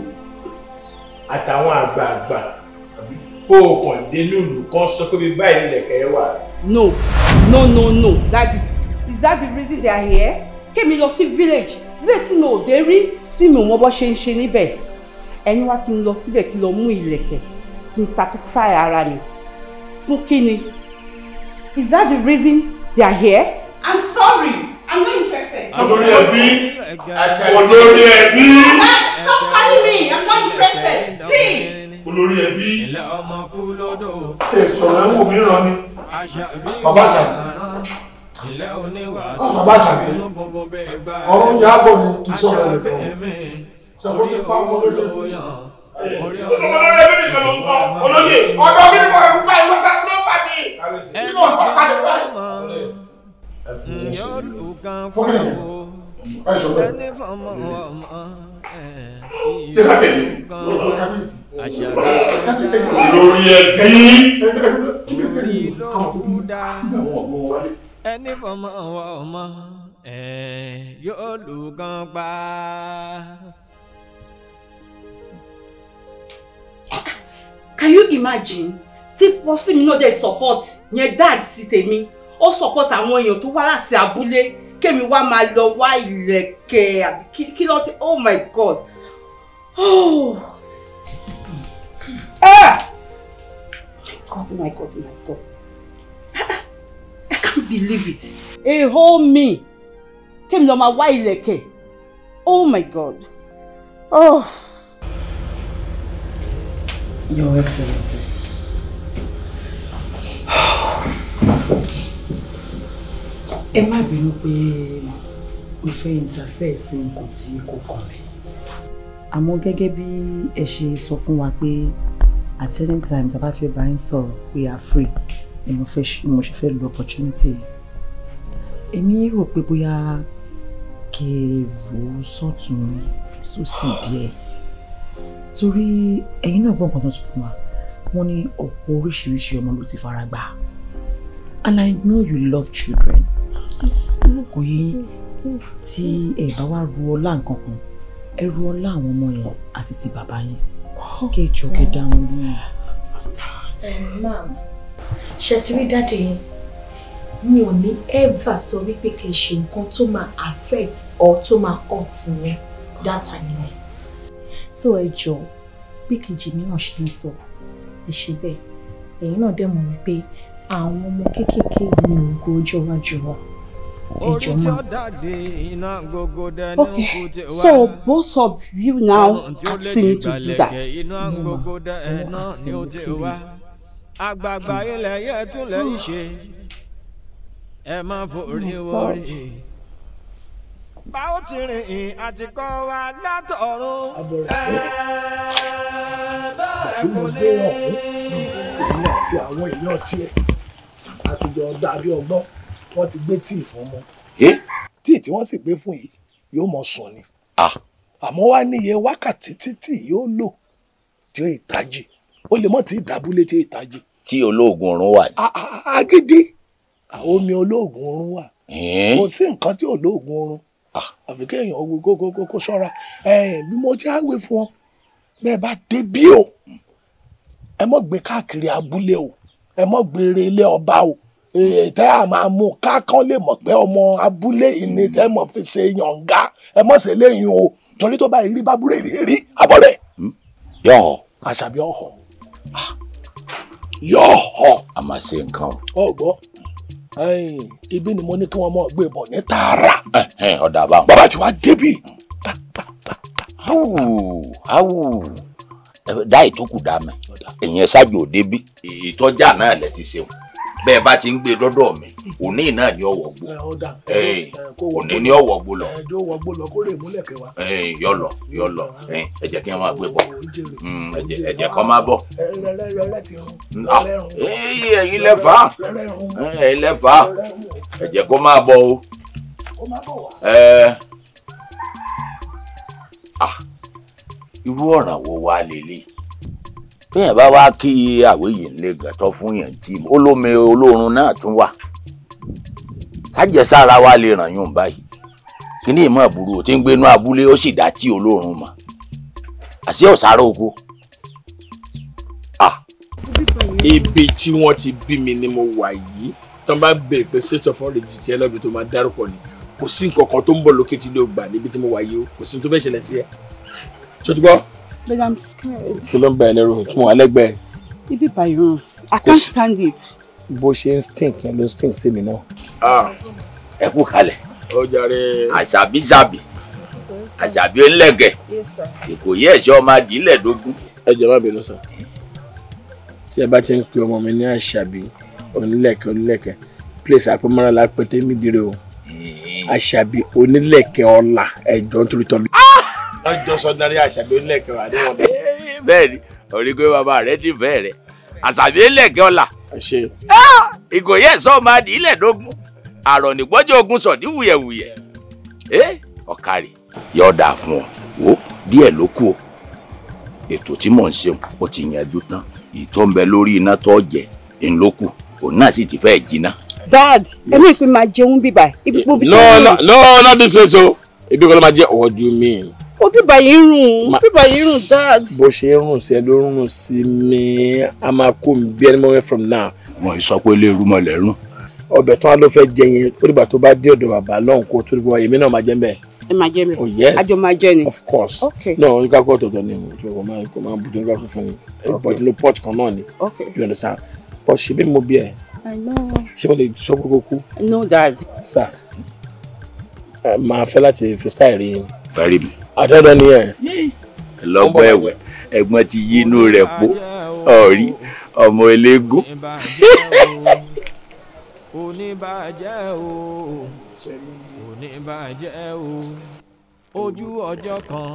Speaker 2: àtàwọn àgbààgbà kó o kàn dé lùlù kan sọ pé bí báyìí nílẹ̀kẹ̀ wà. no no no no daddy is that the reason they are here kémi lọ sí village village tí mi ò dé rí tí mi ò mọ bó ṣe ń ṣe níbẹ̀ ẹ̀yin wá kí n lọ síbẹ̀ kí n lọ mú ìlẹ̀kẹ̀ kí n satisfy ara mi fún is that the reason they are here. i'm sorry i'm not interested. olórí ẹbí olórí ẹbí.
Speaker 4: stop calling me i'm not interested please.
Speaker 2: olórí ẹbí. èso rẹ̀ wò mí rán ni bàbá àṣàbí
Speaker 4: ah, bàbá àṣàbí ọ̀run yà á bọ̀ ní kí sọ̀rọ̀ rẹ̀ bọ̀ sọ̀rọ̀ tó kọ́ ọmọ olórí ẹbí. olórí nìkan ló ń kọ́ olóyè. ọ̀dọ́ mi ni
Speaker 1: mo ń pa ìwọ́ta ẹni
Speaker 4: fọmọ ọmọ ṣe láti ẹni lórí ẹbí lórí lókù ẹni fọmọ ọmọ yóò lù pa.
Speaker 2: Can you imagine? tí pọ́sìmì náà dẹ̀ support yẹn dad sí tèmi ó support àwọn èèyàn tó wá láti abúlé kémi wá máa lọ wá ìlẹ̀kẹ̀ àbí kí lọ́ọ́ tí oh my god. Oh. [sighs] Ah! God, my God, my God. I can't believe it. Hey, hold me came to my wife ilẹ̀kẹ̀. Oh my God. Oh.
Speaker 1: Your Excellency.
Speaker 2: [sighs] ẹ má bínú pé mo fẹ́ interfere sí nǹkan tí kò kàn mí. àmọ́ gẹ́gẹ́ bí ẹ ṣe sọ fún wa pé at any time tá a bá fẹ́ bá ń sọ̀rọ̀ pé a free ni mo ṣe fẹ́ lo opportunity yìí. èmi rò pé bóyá kí ẹ rò ó sọ̀tún sósì díẹ̀ torí ẹ̀yin náà gbọ́ nǹkan tó sọ fún wa wọ́n ní ọ̀pọ̀ oríṣiríṣi ọmọ ló ti fara gbà and I know you love children kò yí tí ẹ bá wá ru ọlá nǹkan kan ẹ ru ọlá àwọn ọmọ yẹn àti ti bàbá yẹn kéjọ kẹdà wọn lóyún. ṣe ti rí dáadé yẹn mi ò ní ever sọ wípé kì í ṣe nǹkan tó máa affect or tó máa hurt yẹn that I so ẹ jọ bí kejì mi ṣe ń sọ ẹ bẹ́ẹ̀ ẹ̀yin náà dẹ̀ mọ̀ wípé àwọn ọmọ kéékèèké ní
Speaker 1: ògo ọjọ́ iwájú wọn. Okay,
Speaker 4: so
Speaker 2: both of you now ask me to do that. No, no, ask me
Speaker 4: àgbààgbà hmm. ilẹ̀ yẹ tún lẹ̀ ṣe ẹ má oh forí wọrí. báwo ti rìn àtikọ́ wa látọ̀run tí mo dé ọ̀hún èmi àti àwọn èèyàn tiẹ̀ àtijọ́ dàbí
Speaker 2: ọgbọ́n wọ́n ti gbé tíì fún mu. tíì tí wọ́n sì gbé fún yìí yóò mọ sùn ni. àmọ́ wá níye wákàtí títì yóò lò tí ó ìtajì ó lè mọ̀ tí ìdábúlé tí ó ìtajì. tí olóògùn oorun wà ní. agídí omi olóògùn oorun wà kò sí nǹkan tí olóògùn oorun àfi kéèyàn kó kó kó ṣọ́ra bí mo ti á gbé fún ọ bẹ́ẹ̀ bá dé bí o. Mm ẹ mọ̀ gbé káàkiri abúlé o ẹ mọ̀ gbére ilé ọba o tẹ́ a máa mú kákan lè mọ̀ pé ọmọ abúlé ìní tẹ́ mọ̀ fi ṣe yànga ẹ mọ̀ ṣe léyìn o torí tó báyìí rí bábúrẹ́ rí rí abọ́rẹ́. Hmm? yọ̀ọ̀. àṣàbí ọ̀họ̀ ah! yọ̀ọ̀. a máa ṣe nǹkan. ọgbọ́ ibi ni mo ní kí wọ́n mọ̀ gbé bọ̀ ní tààrà. ọ̀dà bá wọn. bàbá tí wàá débi. awù awù dá ìtókù dá mi èèyàn ṣáàjò débí ìtọ́jà náà lẹ ti ṣeun bẹ́ẹ̀ bá ti ń gbé lọ́dọ̀ mi òní náà ni ọ̀wọ́ gbó òní ni ọ̀wọ́ gbó lọ. ẹjọ́ wọ gbó lọ kó lè múlẹ̀ kẹwàá. yọ lọ yọ lọ ẹ jẹ́ kí wọ́n máa gbé bọ̀ ẹ mm, jẹ́ kó máa bọ̀. ẹ̀yin lẹ́fà ẹ̀yin lẹ́fà ẹ jẹ́ kó máa bọ̀ o. ó irú ọ̀ràn wo wá lélẹ̀ téèyàn bá wá kí àwé yìí ń lè gàtọ́ fún yàn tí ó lómi olóorun náà tún wà sájẹsára wa lè ràn yún báyìí kíní ìmọ̀ àbúrò tí ń gbénú abúlé ó sì dá tí olóorun mọ̀ àṣé ọ̀sára oko. ibi tí wọ́n ti bí mi ni mo wà yìí tán bá béèrè pé state of origin ti ẹlọ́gbìn tó máa dárúkọ ni kò sí nǹkan kan tó ń bọ̀ lókè tí ilé ògbà níbi tí mo wà yìí o kò sí tó fẹ́ ṣẹlẹ̀ sí ẹ. But i'm scared. kí ló ń bá ẹ lẹ́rù tí mo ibi báyìí i can't stand it. bó ṣe ń stink yẹn ló stink sí mi náà. ẹ kú kalẹ̀ àṣàbí ṣàbí àṣàbí ńlẹ̀gẹ̀ ìkòyí ẹ̀ṣọ́ máa dìílẹ̀ dógún. ẹ jẹ́ má bínú sọ tí ẹ bá ti ń pe ọmọ mi ní àṣàbí onílẹ̀kẹ̀ onílẹ̀kẹ̀ place àpamọ́ra la pété mi dire o àṣàbí onílẹ̀kẹ̀ ọ̀la ẹ̀jọ̀ nítorí tọ́lu not just ordinary àṣàbí onílẹ̀kẹ̀ wà ní wọn. bẹ́ẹ̀ ni òrìgbé bàbá rẹ ti bẹ́ẹ̀ rẹ àṣàbí onílẹ̀kẹ̀ ọ̀la. ṣe. ìgòyè ẹ̀sọ́ máa dì í lẹ́ẹ̀dógún àrọ̀ nígbọ́jọ́ ogun sọ̀ ní wuyẹ̀wuyẹ̀ ọ̀kàrì yóò dà fún ọ wo díẹ̀ ló kù o ètò tí mò ń ṣe ó ti yanjú tán ìtọ́ ń bẹ lórí iná tó jẹ ń òun náà sì ti fẹ́ jiná. dad èmi ìpín máa jẹun bíbá ibi gbogbo. lọ́ọ́ lọ́ọ́ lọ́ọ́ bí fèsò ibi kan ló máa jẹ ọ̀wọ́jú mi-ín
Speaker 1: ó bíbà yìí rùn bíbà yìí rùn
Speaker 2: dad. bó ṣe ń rùn sí ẹ ló ń rùn sí mi a máa kó mi bí ẹni mọ́wẹ́ from now. wọn sọ pé ilé irú mọ̀lẹ́ rùn. ọbẹ̀ tó wá ló fẹ́ jẹ yẹn ó dìgbà tó bá dé ọ̀dọ̀ bàbá lọ́hùn kó tó dìbò èmi náà máa jẹ́ bẹ́ẹ̀. ẹ máa jẹ mi àjọ oh, máa jẹ ni. of course okay. no oníkà kó tọ̀tọ̀ ni mo máa kó máa bu oníkà kó fún mi but no pot kan náà ni you understand but ṣe bí mo bí ẹ ṣé mo lè sọ gbogbo no dad. sir máa fẹ́ láti fi style rí i. bẹ́ẹ̀ rí mi àdáda ni ẹ. lọ́gbọ́n ẹ̀wẹ̀ ẹ̀gbọ́n ti yí inú rẹ̀ po ọ̀rí ọmọ eléégún. oníbàjẹ́
Speaker 4: o ojú ọjọ́ kan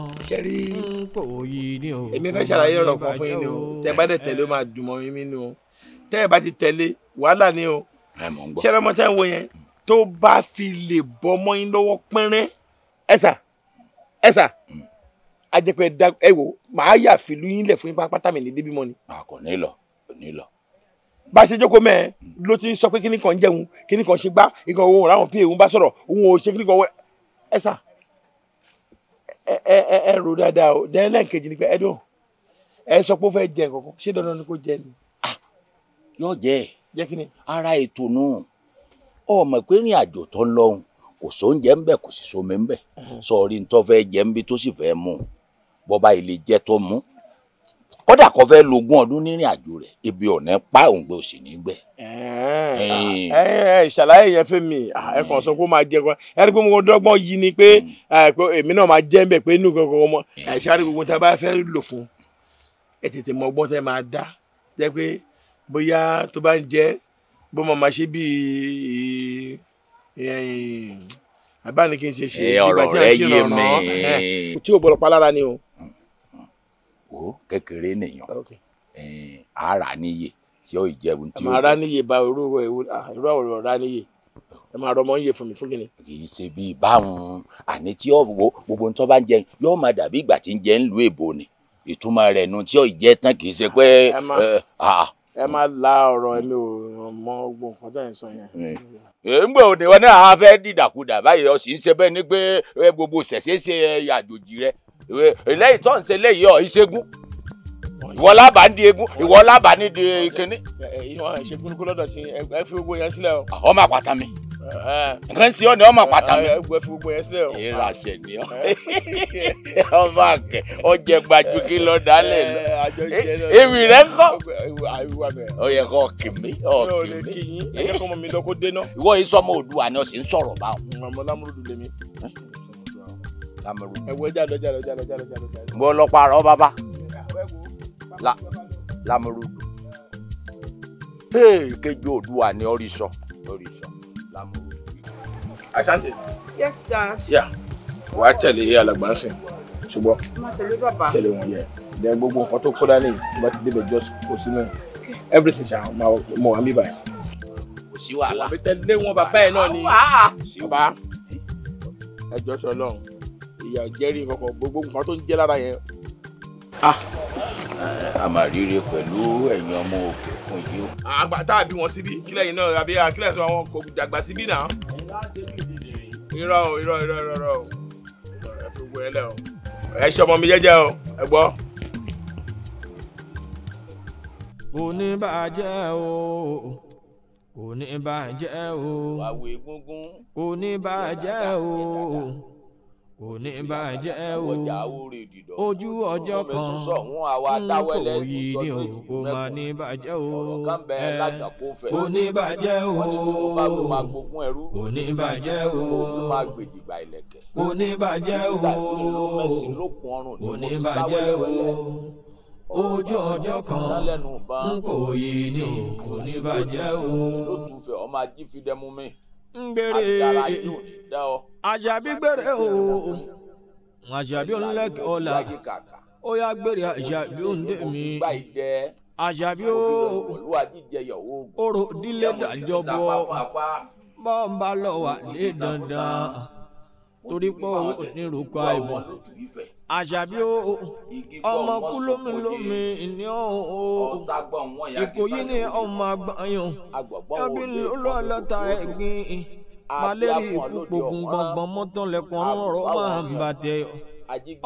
Speaker 4: kò yí ni o. èmi fẹ́ ṣàlàyé ọ̀rọ̀ kan fún yín ni o tẹ́ bá dẹ̀ tẹ̀lé ó
Speaker 2: máa dùn mọ́ mi mí ni o tẹ́ ẹ bá ti tẹ̀lé wàhálà ni o ṣẹlẹ́mọ́tẹ́ wo yẹn tó bá fi lè bọ́ mọ́ yín lọ́wọ́ pẹ́rẹ́ ẹ̀ sà ẹ sà ajẹpẹ da ẹ wò màá yà fìlú yín lẹ fún yín pátá mi ní débi mọ ni. a kò ní lọ kò ní lọ. bá a ṣe jókòó mẹ́ẹ̀ ló ti ń sọ pé kíní kan jẹun kíní kan ṣe gbá ìkan òun ràwọn pé òun bá sọ̀rọ̀ òun ò ṣe kíní kan wẹ ẹ sà ẹ ẹ ẹ rò dáadáa o dẹ́n lẹ́ǹkejì ni pé ẹ dùn ẹ sọ pé ó fẹ́ jẹ nǹkan kan ṣé dandan ni kò jẹ ni. Ah, yóò jẹ jẹ ara ètò náà ọmọ pé rìn tó ń lọ́hùn kò sóúnjẹ ń bẹ kò sì sómi ń bẹ mm-hmm. sọrí ń tọ́ fẹ́ jẹ ń bí tó sì fẹ́ mú bọ́ba ilé jẹ́ tó mú kódà kó fẹ́ lógún ọdún nírìn àjò rẹ̀ ibi ọ̀nà pa òǹgbẹ òsì nígbẹ. ìṣàlàyé yẹn fún mi ah, ẹ kàn sọ pé ó máa jẹ kan ẹ rí i pé mo dọ́gbọ́n yí ni mm. ah, pé èmi náà máa jẹ́ ń bẹ̀ pé inú kankan ọmọ àìsàn gbogbo tá a bá fẹ́ lò fún ẹ tètè mọ ọgbọ́n tẹ́ máa dá jẹ́ pé bóyá tó bá ń jẹ́ bó máa máa ṣe bíi àbáni eh, eh, eh, kì í ṣe ṣe ìgbà tí a ṣe rànà tí o gbọ́dọ̀ palára ni o.
Speaker 3: wo kékeré nìyàn
Speaker 2: ara níye tí ó ìjẹun tí ó. ara níye bá irú ọ̀rọ̀ ara níye ẹ máa rọmọ fún mi fún kì í ṣe bíi báwọn àní tí ó wo gbogbo bá ń jẹ nu tí ó tán kì í ṣe pé. ẹ máa ah. la ọ̀rọ̀ ẹ̀mí ò mọ gbogbo nǹkan tó ń sọ yẹn. ngbẹ òní wọn náà fẹ́ dìdàkudà báyìí ọ sì ń ṣe bẹ́ẹ̀ ni pé gbogbo ṣẹṣẹ ṣe àjòjì rẹ lẹ́yìn tó ń ṣe lẹ́yìn ọ ìṣègùn ìwọ lábàá ń di egun ìwọ lábàá ní di ìkíní. ìwọ ṣe gúnugún lọ́dọ̀ tí ẹ fi gbogbo o. Ah, ọmọ àpáta mi nǹkan sí ọ ni ọmọ àpáta mi. ẹ fi gbogbo yẹn o. ìrà ṣẹ̀ ni ọ [laughs] ọmọ àkẹ́ ọjẹ gbajúgí lọ dálẹ̀ lọ. ewì rẹ kọ. ó yẹ kó kì mí ọ kì mí. Eh? ẹ jẹ́ kó mọ mi lọ kó dé náà. ìwọ yìí sọmọ Oòduà ni o sì ń sọ̀rọ̀ báwọn. Mm, ọmọ eh? ẹ wo jalọ jalọ jalọ jalọ mo lọ parọ bàbá la lámúrúdù hey kejì Oòduà ni oríṣọ oríṣọ lámúrúdù. asante. yes dad. ya wà á tẹ̀lé alàgbà ń sìn ṣùgbọ́n tẹ̀lé wọn yẹ dẹ gbogbo nǹkan tó kó dání bá ti débẹ̀ just kó sínú everything ṣá mọ àmì báyìí. kò sí wàhálà òbí tẹ̀lé wọn bàbá ẹ̀ náà ni. bàbá ẹ jọ sọ lọ́run ìyà jẹ́rìí kankan gbogbo nǹkan tó ń jẹ́ lára yẹn àmàríire ah. eh, pẹ̀lú
Speaker 1: ẹ̀yin ọmọ òkè
Speaker 2: òkun yìí o. àgbà tá a bí wọn síbí kílẹ̀ yìí náà àbí kílẹ̀ tó àwọn kò dàgbà síbí náà. irọ́ o irọ́ irọ́ irọ́ irọ́ o ẹ fi wo ẹlẹ́ o ẹ ṣe ọmọ mi jẹ́jẹ́ o ẹ gbọ́.
Speaker 4: kò ní bàjẹ́ o kò ní bàjẹ́ o kò ní bàjẹ́ o òní bá jẹ́ o ojú ọjọ́ kan n kò yí ni o kò má ní bàjẹ́ o òní bàjẹ́ o òní bàjẹ́ o òní bàjẹ́ o òní bàjẹ́ o ojú ọjọ́ kan
Speaker 2: n kò yí ni kò ní bàjẹ́ o. lótùfẹ́ ọmọ ajífidẹ́mú
Speaker 4: mi ngbèrè àṣàbí gbèrè o àṣàbí ònlẹ́kẹ̀ ọ̀la ó yá gbèrè àṣàbí òǹdè mi àṣàbí o orò dílé dàjọbọ bọ́ọ̀nba lọ wà ní dandan torí pé òun ò ní àṣàbí o ọmọ kú lómi lómi ní ọ̀hún o
Speaker 2: ìkòyí ni ọmọ
Speaker 4: àgbọ̀nyàn ẹbí lọ́lọ́ta ẹ̀gbìn malẹ́rì ìkúpọ̀ gbọ̀ngbọ̀n mọ́tọ́lẹ̀kùn ọ̀rọ̀ máa ń bàtẹ́ yọ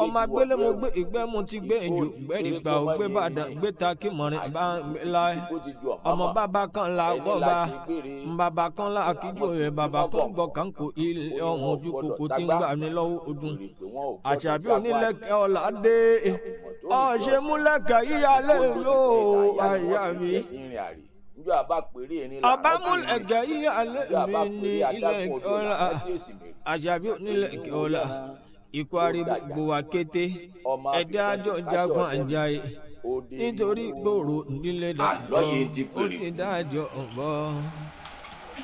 Speaker 4: ọmọ agbélé mo gbé ìgbẹ́ mo ti gbé ìjò ìgbẹ́ ìgbà ò gbé bàdàn ìgbé ta kí mọ̀rin bá ń la ọmọ bàbá kan la gbọ́ba bàbá kan la akíjò rẹ̀ bàbá kan gbọ́ kan kò ilé ọ̀hún ojú kòkó tí ń gbà mí lọ́wọ́ ọdún àṣàbí onílẹ̀kẹ́ ọ̀la dé ọ̀ṣẹ́ múlẹ̀kẹ́ yíyálé yóò àyà mi njọ àbá mi ní ilẹ̀ ọ̀la àṣàbí onílẹ̀kẹ́ ọ̀la ikú arígbó wa kété ẹdẹ àjọ jagun àjàyè nítorí gbòòrò nílé dàgbọ́ ó ti dájọ ọ̀bọ.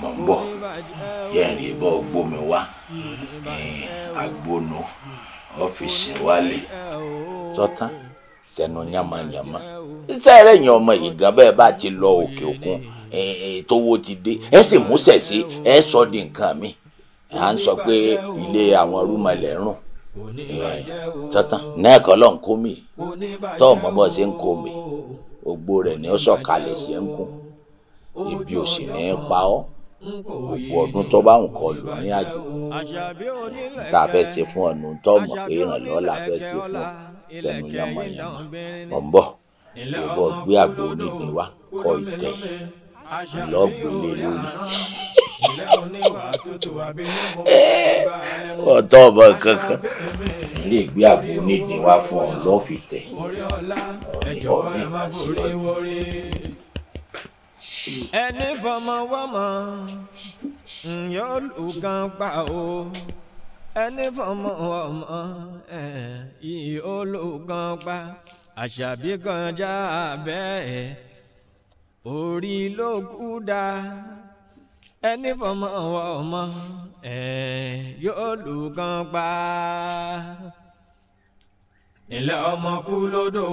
Speaker 4: mo ń bọ̀ yẹ́nì bọ́ gbómi wá agbóno
Speaker 2: ọ́fíìsì wálé sọ́tán sẹ́nu yamayama iṣẹ́ rẹ̀ yẹn ọmọ yìí gan bẹ́ẹ̀ bá ti lọ òkè òkun tówó ti dé ẹ sì múṣẹ̀ sí ẹ sọ di nǹkan mi à ń sọ pé ilé àwọn rúmọlẹ̀ rùn sọtàn náà kọ́ lọ́n kó mi tọ́ ọmọ bọ́ ṣe ń kó mi ògbó rẹ̀ ni ó sọ̀kalẹ̀ ṣe ń kún ibi ò sì ní í pa ọ́ gbogbo ọdún tó bá ń kọ lù ní àjò tá a fẹ́ ṣe fún ọ̀nà tó mọ̀ pé ìrànlọ́wọ́ la fẹ́ ṣe fún sẹ́nu yamayama mọ̀ ń bọ̀ ìbọn gbé
Speaker 3: àgbo onídìí wa kọ ìtẹ̀ lọ́gbẹ̀lẹ̀ lórí ọ̀tọ̀ ọmọ kankan. ilé ìgbé àgbo nídìí wá fún ọ lọ́ọ́ fi tẹ̀.
Speaker 4: ọ̀rẹ́ ẹni fọmọ wọmọ yóò lù pa o ẹni fọmọ ọmọ yìí ó lù kan pa àṣàbí kan já bẹ́ẹ̀ orí ló kú dáa ẹni fọmọ wọ ọmọ ẹ yóò lù pa. ilé ọmọ kú lódò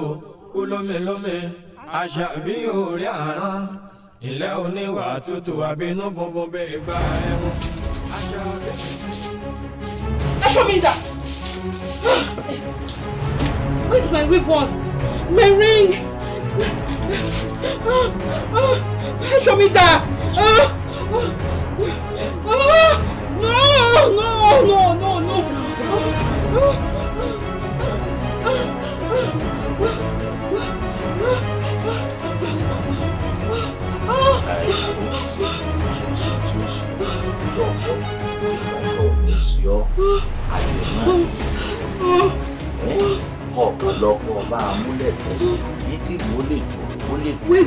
Speaker 4: kú lómelóme àṣà bí òòrí àrán ilé oníwà tútù àbínú funfun bẹ́ẹ̀ gba ẹmu.
Speaker 2: Show me that! Where's my weapon? My ring!
Speaker 4: Show me that! Uh. Where's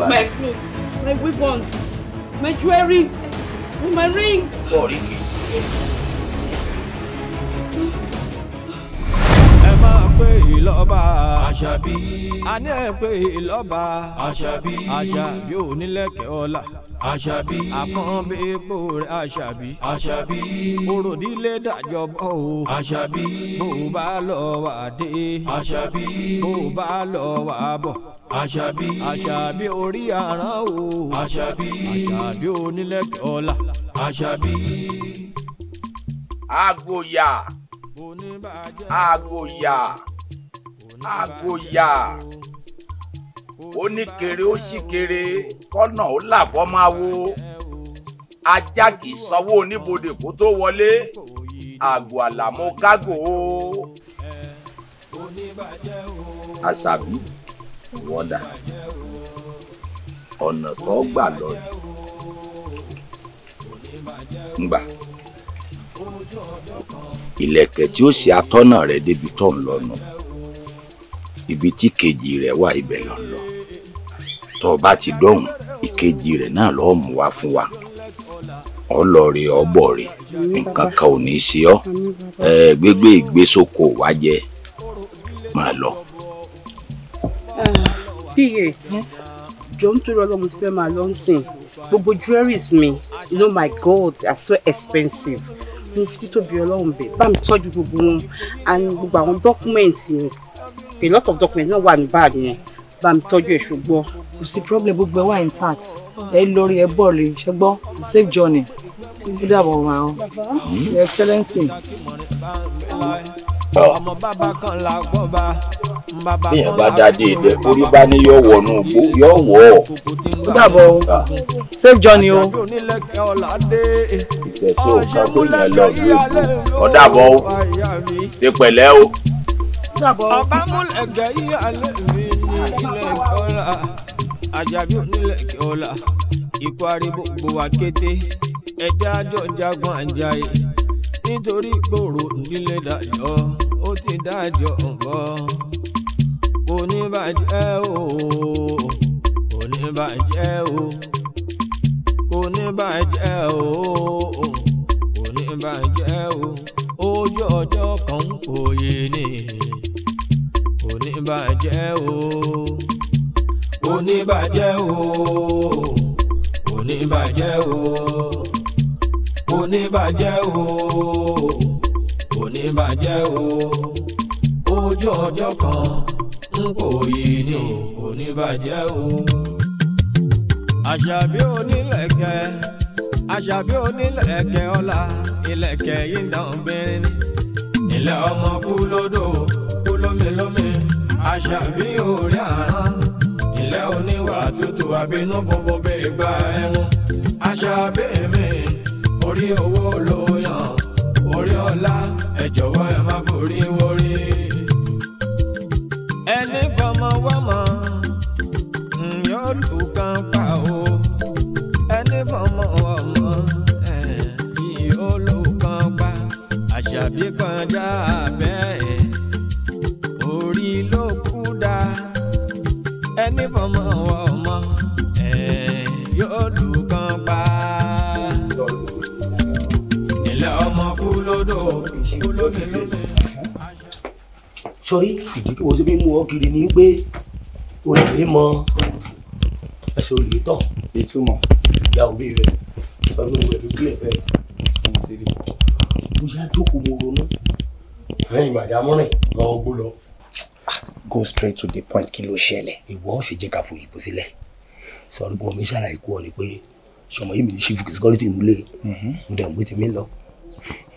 Speaker 4: my clothes?
Speaker 2: My weapon my jewelries, and my rings. Bọ̀rí kì í. Ẹ
Speaker 4: Àṣàbí. A ní ẹ̀ pè é Àṣàbí. Àṣàbí ò ní lẹ́kẹ̀ọ́ ọ̀la àṣàbí àkànbí epo rẹ àṣàbí àṣàbí orodile dàjọbọ o àṣàbí bó bá lọ wà dé àṣàbí bó bá lọ wà bọ̀ àṣàbí àṣàbí orí àrán o àṣàbí àṣàbí onílẹ̀kẹ̀ ọlá àṣàbí. àgòyà àgòyà
Speaker 2: àgòyà ó ní kéré ó sì kéré kọ́nà ó là fọ́ máa wo ajá kì í sanwó oníbodè kó tó wọlé àgò àlàmú kágò o. àṣàbí wọ́dà ọ̀nà tó gbà lọ ngbà ìlẹ̀kẹ̀ tí ó ṣe atọ́nà rẹ̀ débi tó ń lọ nù ibi tí kejì rẹ̀ wà ibẹ̀ lọ tó o bá ti dọ̀hùn ìkejì rẹ̀ náà lọ́ọ́ mú wá fún wa ọlọ́ọ̀rẹ́ ọ̀bọ̀ọ̀rẹ́ nǹkan kan ò ní í ṣe ọ́ gbégbé ìgbésóko wá jẹ máa lọ.
Speaker 1: Ah, píye hm?
Speaker 2: jọ ń tó lọ́lọ́ mo ti fẹ́ máa lọ sìn gbogbo jewelries mi you know my gold are so expensive mo fi títóbi ọlọ́run bẹ̀ bá mi tọ́jú gbogbo wọn and gbogbo àwọn dọ́kúmẹ̀ntì a lot of documents náà wà ní báàgì yẹn bá mi tọ́jú ẹ̀ ṣùgbọ́n kò sí problem gbogbo ẹ wà intact ẹ lórí ẹ bọ̀ rè ṣùgbọ́n safe journey ó dàbọ̀ wà ó hmm? your excellency. bíyàn bá dáadé ilẹ̀ orí bá ní yọ wọnú igbó yọ wọ ọ. ó dàbọ̀ o ah. safe journey o. ìṣẹ̀sí ò sọ pé yẹn lọ ìlú èkó ó dàbọ̀ o ṣe pẹ̀lẹ́ o. ó
Speaker 4: dàbọ̀ o. ọba múlẹ̀ gẹ̀ẹ́yà lẹ́yìn nílẹ̀ kọ́lá àjàbí onílẹ̀ kọ́lá ikú arígbó gbòwà kété ẹ̀dá àjọ jagun àjàyè nítorí gbòòrò nílé dájọ́ ó ti dájọ́ ńkọ́ oníbàjẹ́ o oníbàjẹ́ o oníbàjẹ́ o oníbàjẹ́ o ojú ọjọ́ kan kò yé ni oníbàjẹ́ o oníbàjẹ́ o oníbàjẹ́ o oníbàjẹ́ o oníbàjẹ́ o ojú ọjọ́ kan n kò yí ni oníbàjẹ́ o. àṣàbí onílẹ̀kẹ̀ àṣàbí onílẹ̀kẹ̀ ọlá ilẹ̀kẹ̀ yìí ń dán gbẹ́rin ni ilẹ̀ ọmọ kú lódò lómi lómi àṣàbí orí àrán ilẹ̀ oníwà tútù àbínú funfun bí igba ẹmu àṣàbí mi orí owó ló yàn orí ọlá ẹ jọ̀wọ́ ẹ má forí wọrí.
Speaker 2: kí wọ́n ṣe fi mú ọ kiri ni pé olè mọ ẹsẹ̀ olè tọ̀. ìtumọ̀. ìyá òbí rẹ sọ pé mo rẹ̀ ló kílẹ̀ bẹ́ẹ̀.
Speaker 3: mo ti rí. mo yá jókòó mo ronú. lẹ́yìn màdàmú rìn lọ gbó lọ. Ah, go straight to the point kí ló ṣẹlẹ̀. ìwọ ṣe jẹ́ ká forí ipò sílẹ̀
Speaker 2: sọ̀rọ̀ bí wọ́n mi ṣàlàyé kú ọ ni pé sọmọ yìí mi ní chief security nílé mm-hmm. mo dẹ̀ ń
Speaker 3: gbé tèmi lọ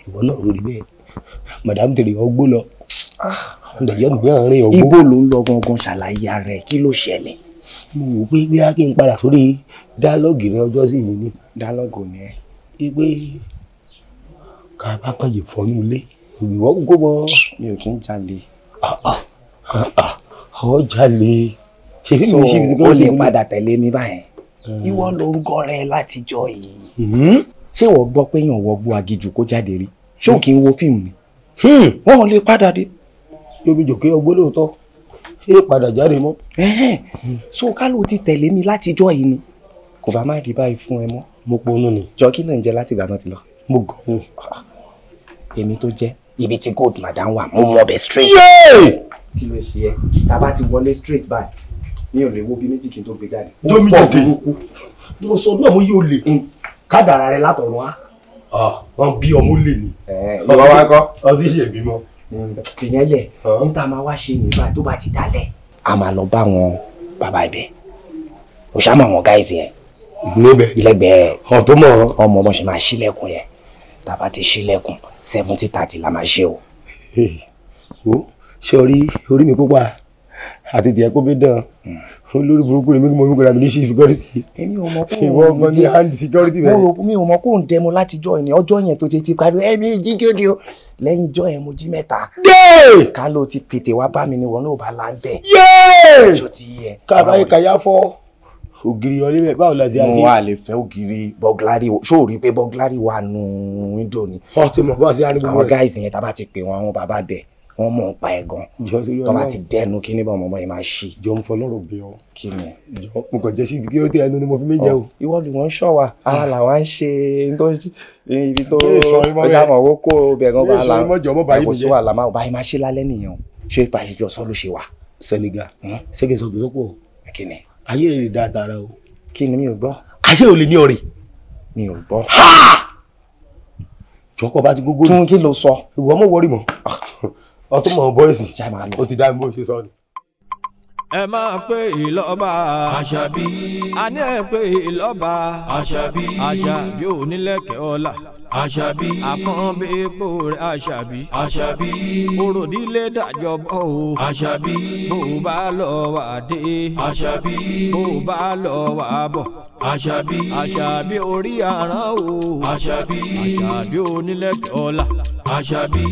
Speaker 3: ìwọ náà rí bẹ́ẹ̀ madam tèrè wọn lọ. Ah ǹdẹ̀jọ́ nìyàn rìn ọgbó. ibo ló ń lọ gangan ṣàlàyé ara ẹ kí ló ṣẹlẹ̀. mo wò pé bí a kí n padà sórí dálọ́ọ̀gì rẹ ọjọ́ sí mi ni. dálọ́ọ̀gì ò ní ẹ. pé
Speaker 2: ká bá kànjì fọnú ilé ìwọ kókó mọ. mi ò kí ń jalè. ọ̀
Speaker 3: ah, ah, ah, jalè. ṣe bí mi ṣe fi kọ́ ọ́ lè padà tẹ̀lé mi báyẹn. Eh. ìwọ ló ń gọ́ rẹ látijọ́ yìí hmm? ṣé wọ́n gbọ́ pé
Speaker 2: èèyàn wọ́gbó agijù kó jáde rí ṣé òkè hmm? ń wo fíìmù ni hmm. wọ́n lè padà dé jóbi jòkè ọgbẹ́ lóòótọ́ ṣé padà jáde mọ́. so kálù ti tẹ̀lé mi látijọ́ yìí ni kò bá má rí báyìí fún ẹ mọ́. mo ponú ni. jọ kí náà ń jẹ láti ìgbà náà ti lọ. mo gàn án. èmi tó
Speaker 3: jẹ́ ibi tí gold madam wà mo mọ ọbẹ̀ straight. kí ló ṣe ẹ́ tá a ti wọlé straight báyìí ní ò lè wo bí méjì kí n tó gbé jáde. jómi jòkè mo sọ náà mo yóò lè mm. kádàrá rẹ látọ̀run á. Ah, wọ́n bí ọmọ lè ní. bàbá wa kọ́ ọtí ṣèbímọ fìyẹn lẹ̀ níta máa wá ṣe nípa tó bá ti dalẹ̀ a máa lọ bá wọn bàbá ibẹ̀ o ṣá mọ̀ wọn gáìsì yẹn níbẹ̀ lẹ́gbẹ̀ẹ́ ọ̀tún mọ̀ ọmọ ọmọ ṣe máa ṣílẹ̀kùn yẹn tàbá ti ṣílẹ̀kùn seventy thirty la máa ṣe o.
Speaker 2: ṣé orí orí mi púpà àti tiẹ̀ kó bí dán olórí burúkú ni mímú mímú gbọ́dọ̀ mi ní ṣe security ìwọ ọmọ ní hand security bẹ́ẹ̀. mi ò mọ kó ń dẹmu látijọ́ ẹni ọjọ́ yẹn tó tètè kárí ẹ mi o lẹ́yìn ìjọ́ yẹn mo jí mẹ́ta. dé ká ló ti tètè wá bá mi ni wọn náà bá la ń bẹ̀. yéé kábàáyé kàyà fọ́ ògiri ọlẹ bẹẹ báwo la ti á sí. mo wà lè fẹ́ ògiri bọ́gláàrì ṣó rí pé bọ́gláàrì wà nù
Speaker 3: wíńdò ni. wọ́n ti mọ̀ bá ṣe á ní àwọn gáìsì yẹn tá a bá ti pè wọ́n àwọn bàbá bẹ̀ wọn mọ̀ ń pa ẹ̀ gan tó bá ti dẹnu kí ni bá ọmọ ọmọ yẹn máa ṣí. jọ ń fọ lọ́rọ̀ bí ọ. kí ni. jọ mo kàn
Speaker 2: jẹ sí security ẹnu ni mo fi mí jẹ o. ìwọ ni wọn ń ṣọ́ wa ara ah. làwa ń ṣe ibi
Speaker 3: tó ó sàmọ
Speaker 2: owó kó bẹ́ẹ̀ gan bá la ẹ kò sí wàhálà
Speaker 3: máa báyìí máa ṣe lálẹ́ nìyẹn o ṣé pàṣẹjọ sọ ló ṣe wa. Senegal sẹgẹ hmm? sọ gbèsè pọ. kí ni. ayé rẹ̀ da tara o. kí ni mi ò gbọ́. àṣé ò lè ní ọ̀rẹ́. mi ò gbọ́.
Speaker 2: jọkọ bá ti gógó. tún kí ló sọ. ìwọ mọ wọrí mọ. Ah ọtún mọ̀ bọ́ìsì o ti dá mi bó ṣe sọ ni.
Speaker 4: ẹ máa pè ìlọ́ba àṣàbí àní ẹ pè ìlọ́ba àṣàbí àṣàbí onílẹ̀kẹ̀ ọ̀la àṣàbí àkànbí epo rẹ àṣàbí àṣàbí òròdílé dàjọbọ o àṣàbí bó o bá lọ wà dé àṣàbí bó o bá lọ wà bọ̀ àṣàbí àṣàbí orí àrán o àṣàbí àṣàbí onílẹ̀kẹ̀ ọ̀la àṣàbí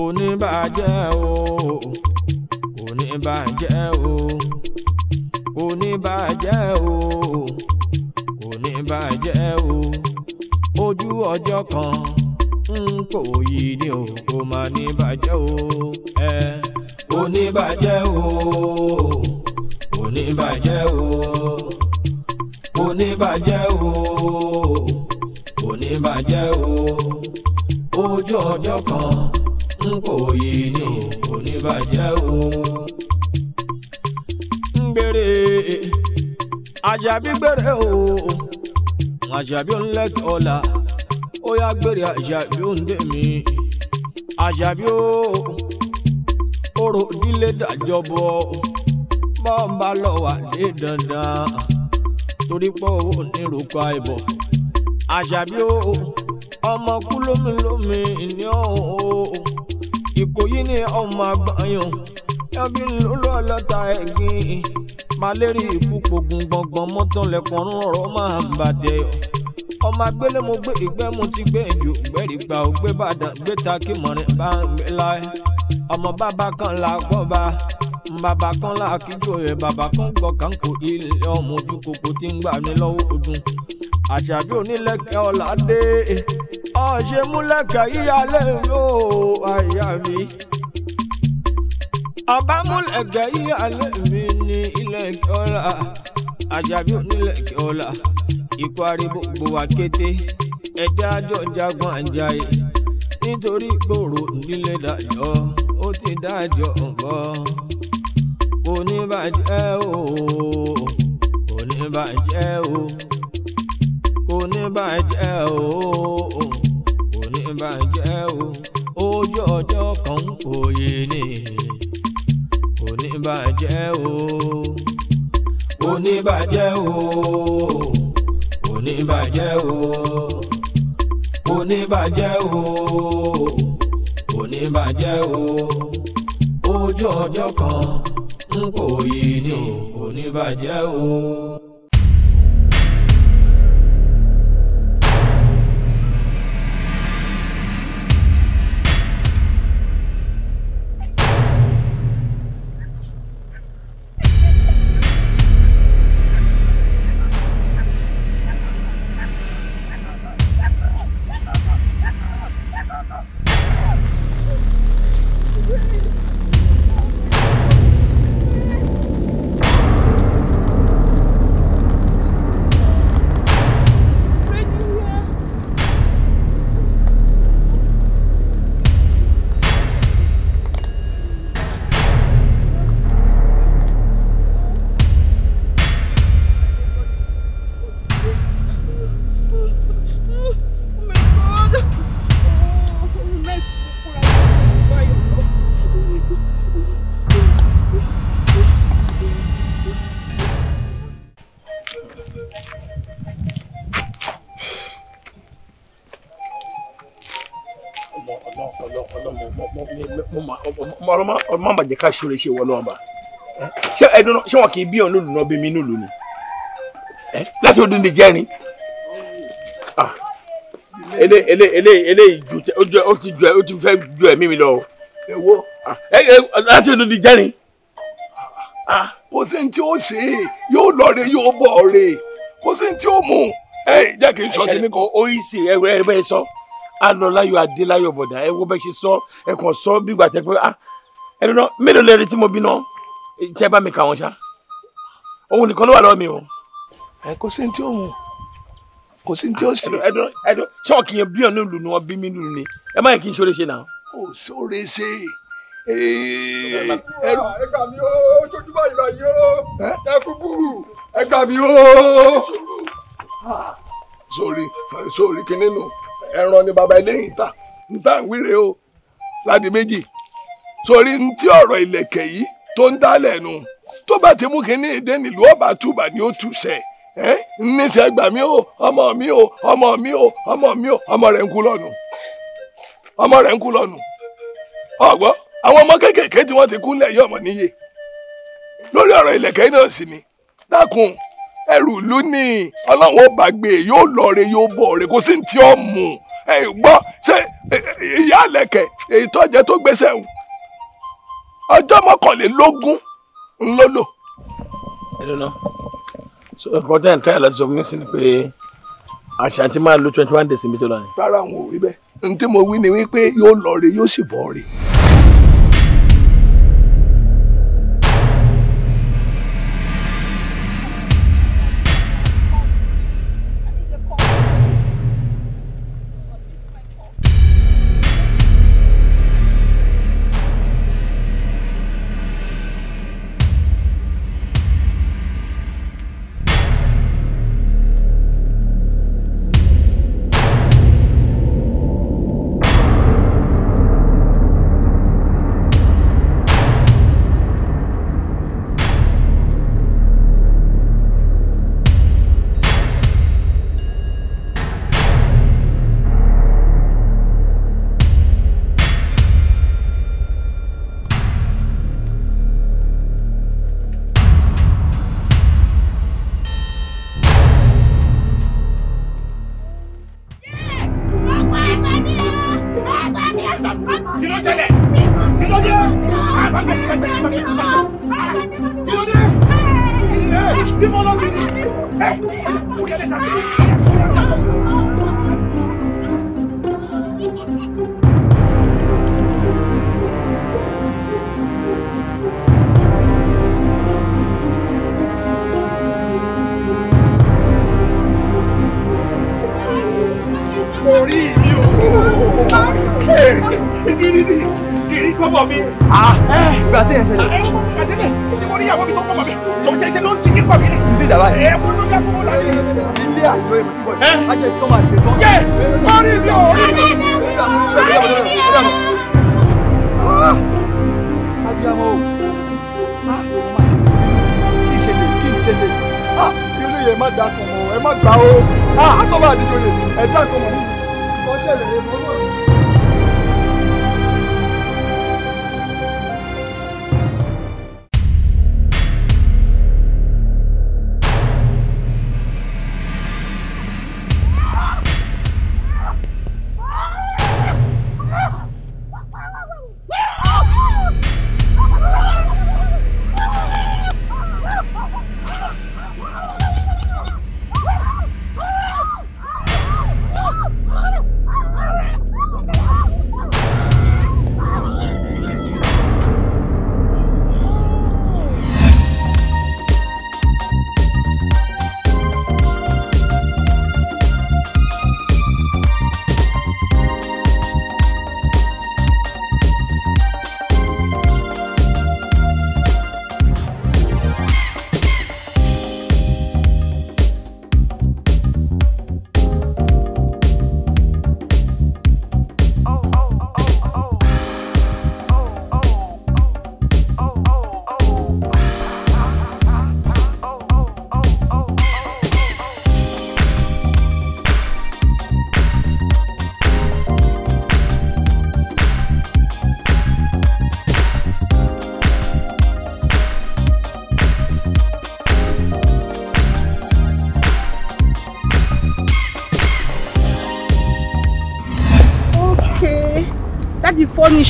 Speaker 4: kò ní bàjẹ́ o kò ní bàjẹ́ o kò o kò ní bàjẹ́ o ojú ọjọ́ kan n kò yí ni o kò má ní o ẹ kò o kò o kò o kò o ojú ọjọ́ kan. Nkòyí ni kò ní o. ngbèrè ajabi gbèrè o Àjàbí ńlẹ́kẹ̀ ọ̀la ó yá gbèrè ajabi òǹdè mi ajabi o orò ìdílé dàjọbọ bọ́ọ̀nba lọ wà ní dandan torí pé owó ní rúkọ àìbọ̀ o ọmọ kú lómi lómi ní ọ̀hún o. Ìkòyí ni ọmọ àgbọ̀nyàn ẹbí lóló ọlọ́ta ẹ̀gbìn malérí ikú pogun gbọ̀ngbọ̀n mọ́tànlẹ̀kọ̀rún ọ̀rọ̀ máa ń bàjẹ́ ọmọ agbélé mo gbé ìgbẹ́ mo ti gbé ìjò gbẹ́rì gbà ó gbé bàdàn gbé ta kí mọ̀rin bá ń gbé láì ọmọ bàbá kan là kọ́ba bàbá kan là kíjọ rẹ̀ bàbá kan gbọ́ kánkò ilé ọmọ ojú kòkó tí ń gbà mí lọ́wọ́ ọdún àṣàbí onílẹ̀kẹ́ ọ̀la dé ọ̀ṣẹ́ múlẹ̀kẹ̀ ìyálé ló àyà mi. àbámúlẹ̀kẹ̀ ìyálé mi ní ilẹ̀ kíọ́lá àjàbí onílẹ̀ kíọ́lá ikú arígbó wa kété ẹ̀dá àjọ jagun àjàyè nítorí gbòòrò nílé dájọ́ ó ti dájọ́ nǹkan oníbàjẹ́ o oníbàjẹ́ o oníbàjẹ́ o bàjẹ́ o ojú ọjọ́ kan kò yé ni kò ní bàjẹ́ o kò ní bàjẹ́ o kò ní bàjẹ́ o kò bàjẹ́ o kò ní bàjẹ́ o ojú ọjọ́ kan n ni kò bàjẹ́ o.
Speaker 2: ọmọ àbàjẹ́ ká ṣúre ṣe wọ lọ́wọ́ bá ṣé ẹdun ṣé wọn kì í bí ọ̀n lòlù náà bí mi nílùú ni láti ọdún ní jẹ́rin ele ele ele ele ju o ti ju o ti fẹ́ ju ẹ̀mí mi lọ o. èwo. láti ọdún ní jẹ́rin. kò sí ní tí ó ṣe é yóò lọ rè yóò bọ̀ rè kò sí ní tí ó mú ẹ jẹ́ kí n sọ kí ni kan. oyin sì ẹ rẹ bẹ́ẹ̀ sọ alọ́láyọ̀ adéláyọ̀ bọ̀dà ẹ wo bẹ́ẹ̀ ṣe sọ ẹ kàn sọ bígbà tẹ pé ah ẹnu náà mélòó lẹ́rìí tí mo bí náà tẹ bá mi kà wọ́n ṣá òun nìkan ló wà lọ́wọ́ mi o. ẹ kò sí ní tí òun kò sí ní tí ó sì. ẹdọ ẹdọ ṣọọkì yẹn bí ọ̀nà ìlú ni wọ́n bí mi lù ni ẹ má yẹ kí n ṣoore ṣe náà. ó ṣoore ṣe ẹrù. ẹgbà mi ó ojoojúmọ́ ìgbà yìí ó ẹkú búrú ẹgbà mi ó. sórí sórí kìnínú. ẹran ni baba eléyìí ta n ta ń wíre o ládi méjì torí n tí ọ̀rọ̀ ìlẹ̀kẹ̀ yìí tó ń dálẹ̀ nu tó bá ti mú kínní ìdè nílùú ọba túbà ni ó túṣẹ ẹ níṣẹ́ gbà mí o ọmọ mi o ọmọ mi o ọmọ mi o ọmọ rẹ̀ ń kú ọmọ rẹ ń kú lọ́nu àwọn ọmọ kékèké tí wọn ti kú lẹ̀ yọ̀mọ̀ níye lórí ọ̀rọ̀ ìlẹ̀kẹ̀ náà sì ni dákun ẹrù ìlú ni ọlọ́run ó bá gbé yóò lọ́ọ̀rẹ́ yóò bọ̀ọ̀rẹ́ kò sí ní tí ó mú gbọ́ ṣé ìyá àlẹ̀kẹ̀ èyí tó gbèsè ń ọjọ́ mọ́kànlélógún ńlọ́lọ́. ẹ̀rọ ẹ̀kọ́ tẹ̀ ń káyọ̀ láti sọ fún mi sí ni pé àṣà máa lo twenty one days in bitola rárá àwọn òwe bẹ́ẹ̀ ntí mo wí ni wípé yóò lọ yóò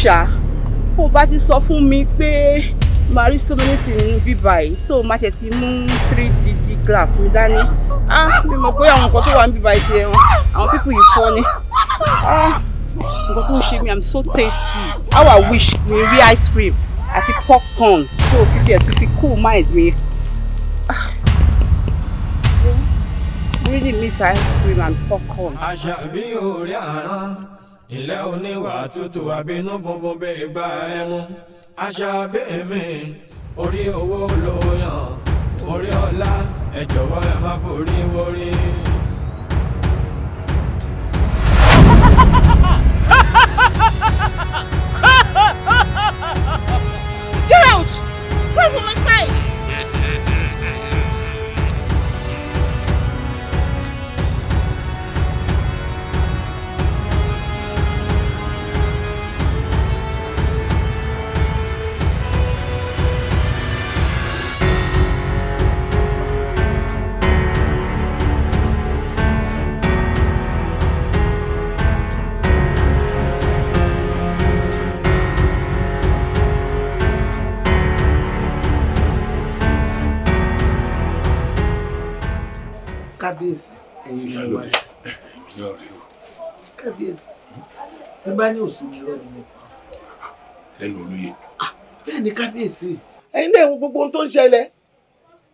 Speaker 2: ṣá ó bá ti sọ fún mi pé màá rí so many things nínú bíbá so má ṣe ti mú three dd glass mi dání ah mi mọ̀ pé àwọn nǹkan tó wà ní bíbá yìí ti ẹran àwọn pípù yìí fọ́ ni ah nǹkan tó ń ṣe mi i'm so tasty how i wish mi rí ice cream àti popcorn so fífi ẹ̀sìn fi cool mind mi ah really miss ice cream and popcorn.
Speaker 4: àṣà bí orí àrán ilẹ̀ oníwà tútù àbínú funfun bí ìgbà ẹmu àṣà bẹ́ẹ̀mí orí owó ló yàn orí ọlá ẹ jọ̀wọ́ ẹ má forí wọrí. [laughs] Get out! Go from my side!
Speaker 2: kábíyèsí ẹ̀yin ni mo wá rí kábíyèsí tí bá ní òsùn irọ́ ni mo pa. lẹ́nu olóye. bẹ́ẹ̀ ni kábíyèsí. ẹ̀yin náà wo gbogbo ohun tó ń ṣẹlẹ̀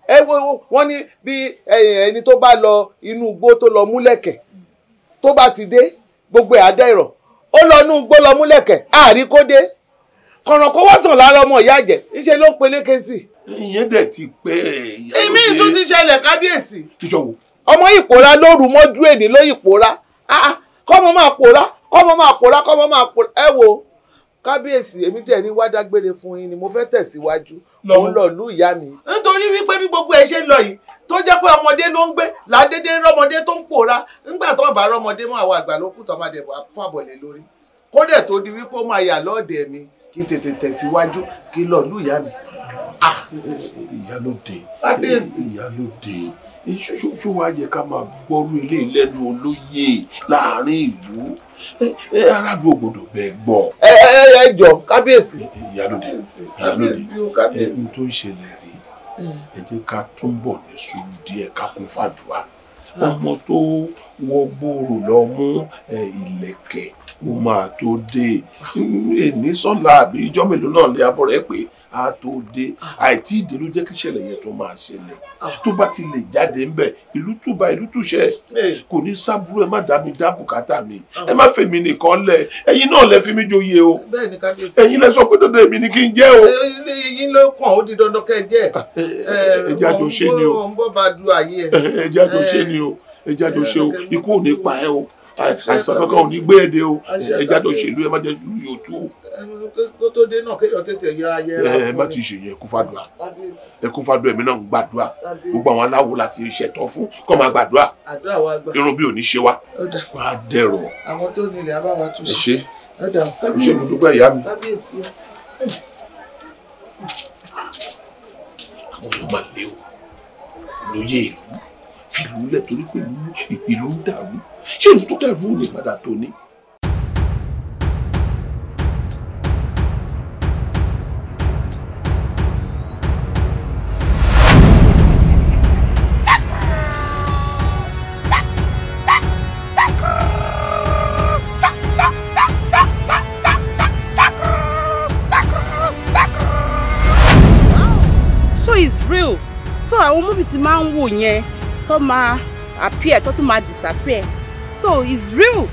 Speaker 2: ẹ wo wọn ní bí ẹni tó bá lọ inú igbó tó lọ múlẹ̀kẹ̀ tó bá ti dé gbogbo ẹ̀ adẹ́ ìrọ̀ ó lọ inú igbó lọ múlẹ̀kẹ̀ àárín kó dé kọ̀ràn kó wá sàn lára ọmọ ìyá àjẹ́ iṣẹ́ ló ń pelékè sí. ìyẹn dẹ̀ ti pẹ́ ẹ̀yà lóye. èmi tó ti ṣẹlẹ̀ kábíyèsí. kíjọ wo ọmọ ìpòrá lóru mọ́jú èdè ló ìpòrá ah, ah, kọ́mọ máa pòrá kọ́mọ máa pòrá kọ́mọ máa pòrá ẹ wo kábíyèsí èmi tẹ̀ ní wá dágbére fún yín ni mo fẹ́ tẹ̀síwájú òun lọ lú mi. nítorí wípé bí gbogbo ẹ ṣe lọ yìí tó jẹ́ pé ọmọdé ló ń gbé ládédé tó ń nígbà tó bá mọ́ àwọn àgbà tó máa dẹ̀bọ̀ fún àbọ̀lẹ̀ lórí kódẹ̀ mi kí tètè tẹ̀síwájú kí lọ lú ìyá ah. ṣoṣo wa yẹ ká máa gbọ́rú ilé lẹ́nu olóyè láàrin ìlú ẹ aráàlú ògbódò bẹ́ẹ̀ gbọ́. ẹ ẹ ẹ jọ kábíyèsí. ìyálòdì ìyálòdì ẹ n tó ń ṣẹlẹ̀ rí ẹ jẹ́ ká túbọ̀ ní sùúrù díẹ̀ ká kún fàdúrà ọmọ tó wọ gbòòrò lọ mú ìlẹ̀kẹ̀ mo máa tó dé èní sọ́la àbí ìjọ́ mélòó náà lé abọ́ rẹ̀ pé a tó dé ah. àìtí ìdè ló jẹ́ kí ìṣẹ̀lẹ̀ yẹn tó máa ṣẹlẹ̀ ah. tó bá ti lè jáde ńbẹ̀ ìlú túba ìlú túṣẹ kò ní sábúrú ẹ má dá mi dá bùkátà mi ah. ẹ má fèmí nìkan lẹ ẹ̀yin náà lẹ fi mí joyè o ẹ̀yin lẹ sọ pé dandan èmi ni kí n jẹ o. ẹ̀yin ló kàn ó di dandan kẹ jẹ ẹ jájọ [laughs] ṣe ni o ẹ jájọ ṣe ni o ẹ jájọ ṣe o ikú ò ní pa ẹ o àìsàn kankan ò ní gbé ẹ de o ẹ jájọ ṣèlú ẹ má jẹ ìlú yòó tú o kó tó dé náà kéèyàn tètè yára yẹra eh, fún mi. ẹ má ti ṣèyẹ ẹkún fàdúrà ẹkún eh, fàdúrà èmi náà ń gbàdúrà gbogbo àwọn aláwo láti ṣẹtọ fún kó máa gbàdúrà irun bí ò ní ṣe wá wá dẹrọ. àwọn tó nílẹ̀ abáwa tún ṣe. ẹ ṣe ẹ ṣe dúpẹ́ ìyá mi. àwọn yóò máa lé o lóye ìlú fìlú lẹ torí pé ìlú ń dàrú ṣé ìlú tó dàrú ò lè padà tó ní. ń wò yẹn tó máa appear tó tún máa disappear so it's real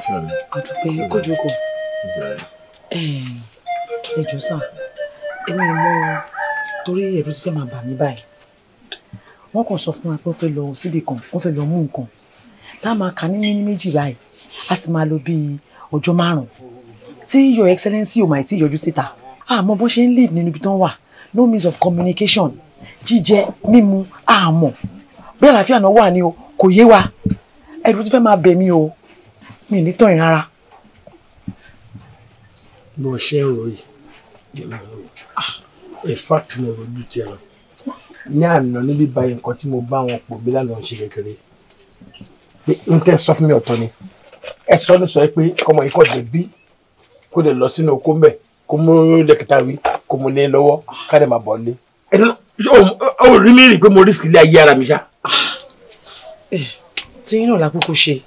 Speaker 2: àlàáfíà ni. àdùpẹ́ kójú kò ẹjọ sà èmi ò mọ torí ẹ̀rù ti fẹ́ máa bà mí báyìí wọ́n kàn sọ fún wa pé wọ́n fẹ́ lọ síbi kan wọ́n fẹ́ lọ mú nǹkan tá a máa kà ní ní méjì báyìí a ti máa lò bíi ọjọ́ márùn-ún tí your excellency ò máa ti yọjú síta àmọ́ bó ṣe ń live nínú ibi tó ń wà no means of communication jíjẹ mímu àmọ́ bí àlàáfíà náà wà ní o kò yé wa ẹ̀rù ti fẹ́ máa bẹ̀ mí o mi ní tọ̀yìn rárá. bó ṣe ń ròyìn lèmi ń rò ah, in fact mo rojú tiẹ̀ lọ ní àná níbi báyìí nǹkan tí mo bá wọn pò mí lánàá ń ṣe kékeré pé n tẹ́ sọ fún mi ọ̀tọ̀ ni ẹ sọ ní sọ pé ọmọ yìí kò dé bí kó lè lọ sínú oko mbẹ kó mú lẹkẹta wí kó mú ní lọ́wọ́ ká lè bọ̀ lé. ẹ dọ́nà o rí mi rí pé mo rísìkì ilé ayé ara mi
Speaker 3: ṣá. Ah,
Speaker 2: eh, tí yín náà la kúkú ṣe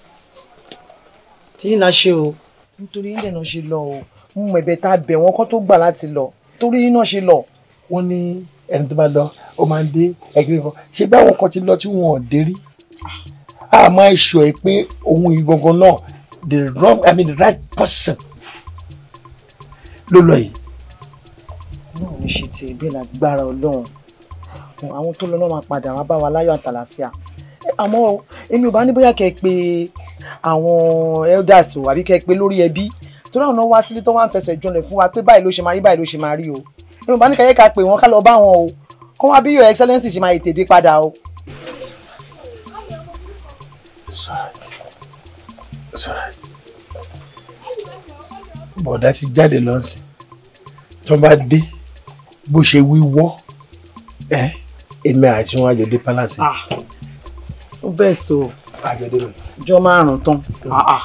Speaker 2: tí yín la ṣe o. nítorí yín dẹ̀nà ṣe lọ o mo mọ ẹ̀bẹ̀ tá a bẹ̀ wọ́n kó tó gbà láti lọ torí yín náà ṣe lọ. wọ́n ní ẹni tó bá lọ ó máa ń dé ẹgbẹ́ fún ṣé báwọn kan ti lọ tí wọn ò dé rí àmọ́ ìṣù ẹ̀ pé ohun ìgangan náà the wrong i mean the right person ló lọ yìí. náà mi ṣe ti ìbí lágbára ọlọ́run àwọn tó lọ náà máa padà wá bá wa láyọ̀ àtàlàfíà àmọ́ èmi ò bá ní bóyá kẹ́ pé àwọn elders o àbí kẹ́ ẹ pé lórí ẹbí torí àwọn náà wá sílé tó wá ń fẹsẹ̀ jọlẹ̀ fún wa pé báyìí ló ṣe máa rí báyìí ló ṣe máa rí o ìwọ̀n bá ní kẹ́yẹ́ ká pè wọ́n ká lọ bá wọn o kọ́ wá bí your excellence ṣe máa tètè padà o. bọ̀dá ti jáde lọ́sìn tó bá dé bó ṣe wíwọ́ ẹ̀ èmi àti wọn àjọ dé palace. Ah, best o. Oh àjọ̀dé mi. ọjọ́ márùn tán ah, ah.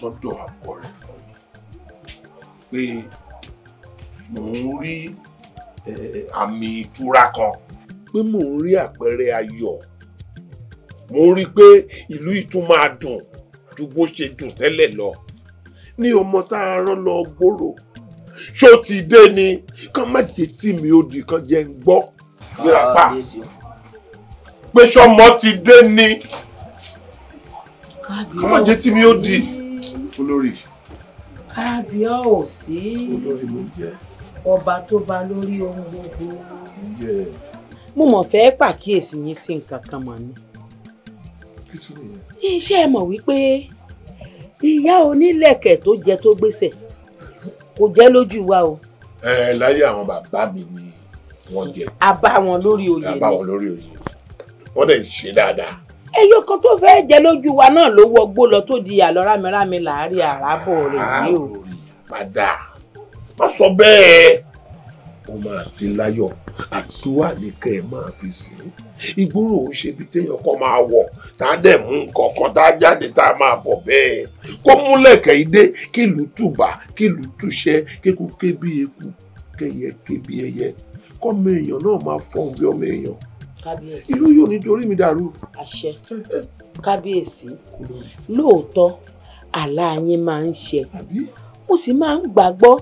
Speaker 1: sọ́dọ̀ akọ
Speaker 2: rẹ̀ fún un pé mò ń rí àmì ìtura kan pé mò ń rí àpẹẹrẹ ayọ̀ mo rí i pé ìlú ìtún máa dùn ju bó ṣe dùn tẹ́lẹ̀ lọ ní ọmọ tá a rán lọ gbòòrò ṣó ti dé ni kán má jẹ tí mi ò di kan jẹ ń gbọ́ gbérapá ah, pé ṣọmọ ti dé ni kán má jẹ tí mi ò di olórí. kábíọ́ ò sí ọba tó ba lórí ohun gbogbo. mo mọ̀ fẹ́ pàkíyèsí yín sí nǹkan kan mọ̀ ni. iṣẹ́ ẹ mọ̀ wípé ìyá onílẹ̀kẹ̀ tó jẹ tó gbèsè kò jẹ́ lójú wa o. ẹ láyé àwọn bàbá mi ni wọ́n jẹ. a bá wọn lórí oyè ni. a bá wọn lórí oyè wọ́n dẹ̀ ṣe dáadáa ẹyọ kan tó fẹ́ jẹ lójú wa náà ló wọgbó lọ tó di àlọ́ rámirámi láàárín àràbọ̀ rẹ̀ yìí o. padà má sọ bẹ́ẹ̀ mo máa dé láyọ̀ àdúrà nìkan ẹ̀ máa fi sìn ìgboro òun ṣe bí téèyàn kan máa wọ̀ tá a dẹ̀ mú nǹkan kan tá a jáde tá a máa bọ̀ bẹ́ẹ̀ kó múlẹ̀kẹ̀ ìdé kí ìlú tùbà kí ìlú túṣẹ́ kéku kébí eku kẹyẹ kébí ẹyẹ kọ́mọ èèyàn náà máa fọ́n bí ọmọ èèyàn kábíyèsí. ìlú yóò ní dorí mi dàrú. àṣẹ kábíyèsí lóòótọ́ àlá yín máa ń ṣe mo sì máa ń gbàgbọ́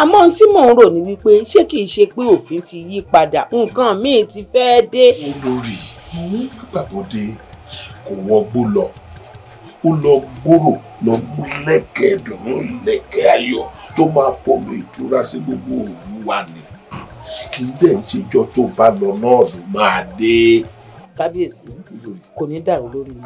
Speaker 2: àmọ́ tí mò ń rò ní wípé ṣé kìí ṣe pé òfin ti yí padà nǹkan míì ti fẹ́ẹ́ dé. olórí gbàgbọ́dé kò wọgbó lọ ó lọ gbòòrò lọ mú lẹ́kẹ̀ẹ́ lẹ́kẹ̀ẹ́ ayọ̀ tó máa pọ̀lù ìtura sí gbogbo òru wa ni kì í dẹ̀ ń ṣèjọ́ tó bá lọ náà ló máa dé. kábíyèsí kò ní dàrú lórí mi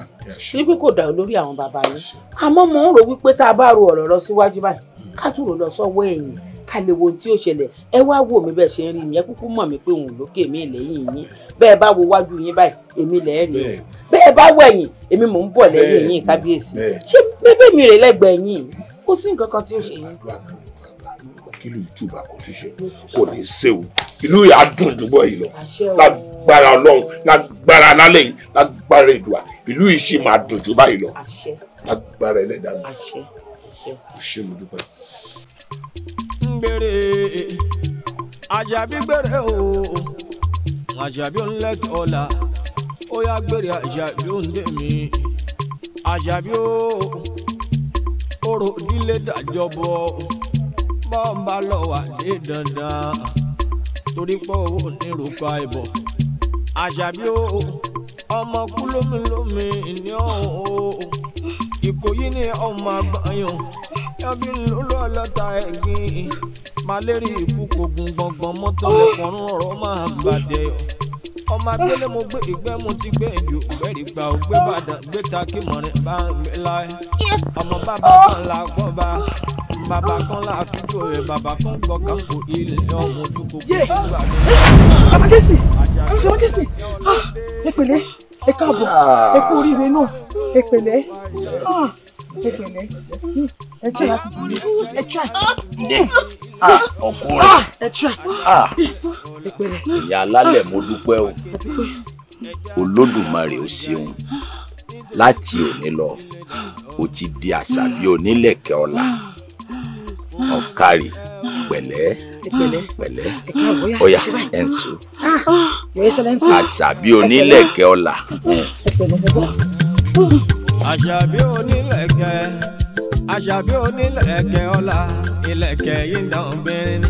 Speaker 2: wípé kò dàrú lórí àwọn bàbá yín àmọ́ mò ń rò wípé tá a bá ro ọ̀rọ̀ lọ síwájú báyìí hmm. ká tún rò lọ sọ́wọ́ ẹ̀yìn ká lè wo ohun tí ó ṣẹlẹ̀ ẹ wá wò mí bẹ́ẹ̀ ṣe ń rí mi ẹ kúkú mọ̀ mí pé òun lókè mí lẹ́yìn yín bẹ́ẹ̀ bá wo wájú yín báyìí èmi lẹ́ rí o bẹ́ẹ̀ bá wẹ̀yìn èmi mò ń bọ̀ lẹ́yìn yín kábíyèsí ṣé bébè mi rè lẹ́gbẹ̀ẹ́ yín kò sí nǹkan kan tí ó ṣe yín kílù ìtùbà kò tún ṣe kò ní séwu ìlú yà á dùn jù yìí lọ lágbára ọlọ́run lágbára lálẹ́ yìí lágbára ìdùà ìlú yìí ṣì máa dùn jù báyìí lọ lágbára ẹlẹ́dàá mi kò ṣe mo dúpẹ́.
Speaker 4: gbèrè Àjàbí gbèrè o Àjàbí ònlẹ́kẹ̀ ọ̀la ó yá gbèrè Àjàbí òǹdè mi Àjàbí o orò ìdílé dàjọbọ bọ́ ń bá lọ wà ní dandan torí pọ̀ owó nírúkọ ìbọ̀ àṣàbí o ọmọ kú lómìlómì ní ọ̀hún ìkòyí ni ọmọ àgbọ̀nyàn yọbí lólú ọlọ́ta ẹ̀gbìn malérí ikú kogun gbọ̀ngbọ̀n mọ́tò ẹ̀kọ́rún ọ̀rọ̀ máa ń bàjẹ́ ọmọ agbélé mo gbé ìgbẹ́ mo ti gbé ìjò gbẹ́rì gbà ó gbé bàdàn gbé ta kí mọ̀rin bá ń gbé láyé ọmọ bàbá kan là gbọ́ bá bàbá kan ládùúgbò rẹ̀ bàbá kan gbọ̀ngàn kò ilẹ̀ ọmọ ojú gbogbo ìgbà rẹ̀.
Speaker 1: bàbá jésì bàbá jésì ah! ẹ pẹ̀lẹ́ ẹ káàbọ̀ ẹ kú oríire náà ẹ pẹ̀lẹ́ ah! ẹ pẹ̀lẹ́ hmm, ẹ tí láti dìde ẹ tí à ọkùnrin ẹ tí à ah! ẹ
Speaker 2: ìyá alálẹ̀ mo dúpẹ́ o olódùmarè ó ṣeun láti òní lọ ó ti di àṣà bíi onílẹ̀kẹ̀ ọ̀la ọ̀kárì pẹ̀lẹ́ pẹ̀lẹ́ ọ̀yà ẹ̀ǹsù
Speaker 4: ah,
Speaker 2: àṣàbí onílẹ̀kẹ̀ ọ̀la.
Speaker 4: àṣàbí onílẹ̀kẹ̀ àṣàbí onílẹ̀kẹ̀ ọ̀la ìlẹ̀kẹ̀ yìí ń dán obìnrin ni.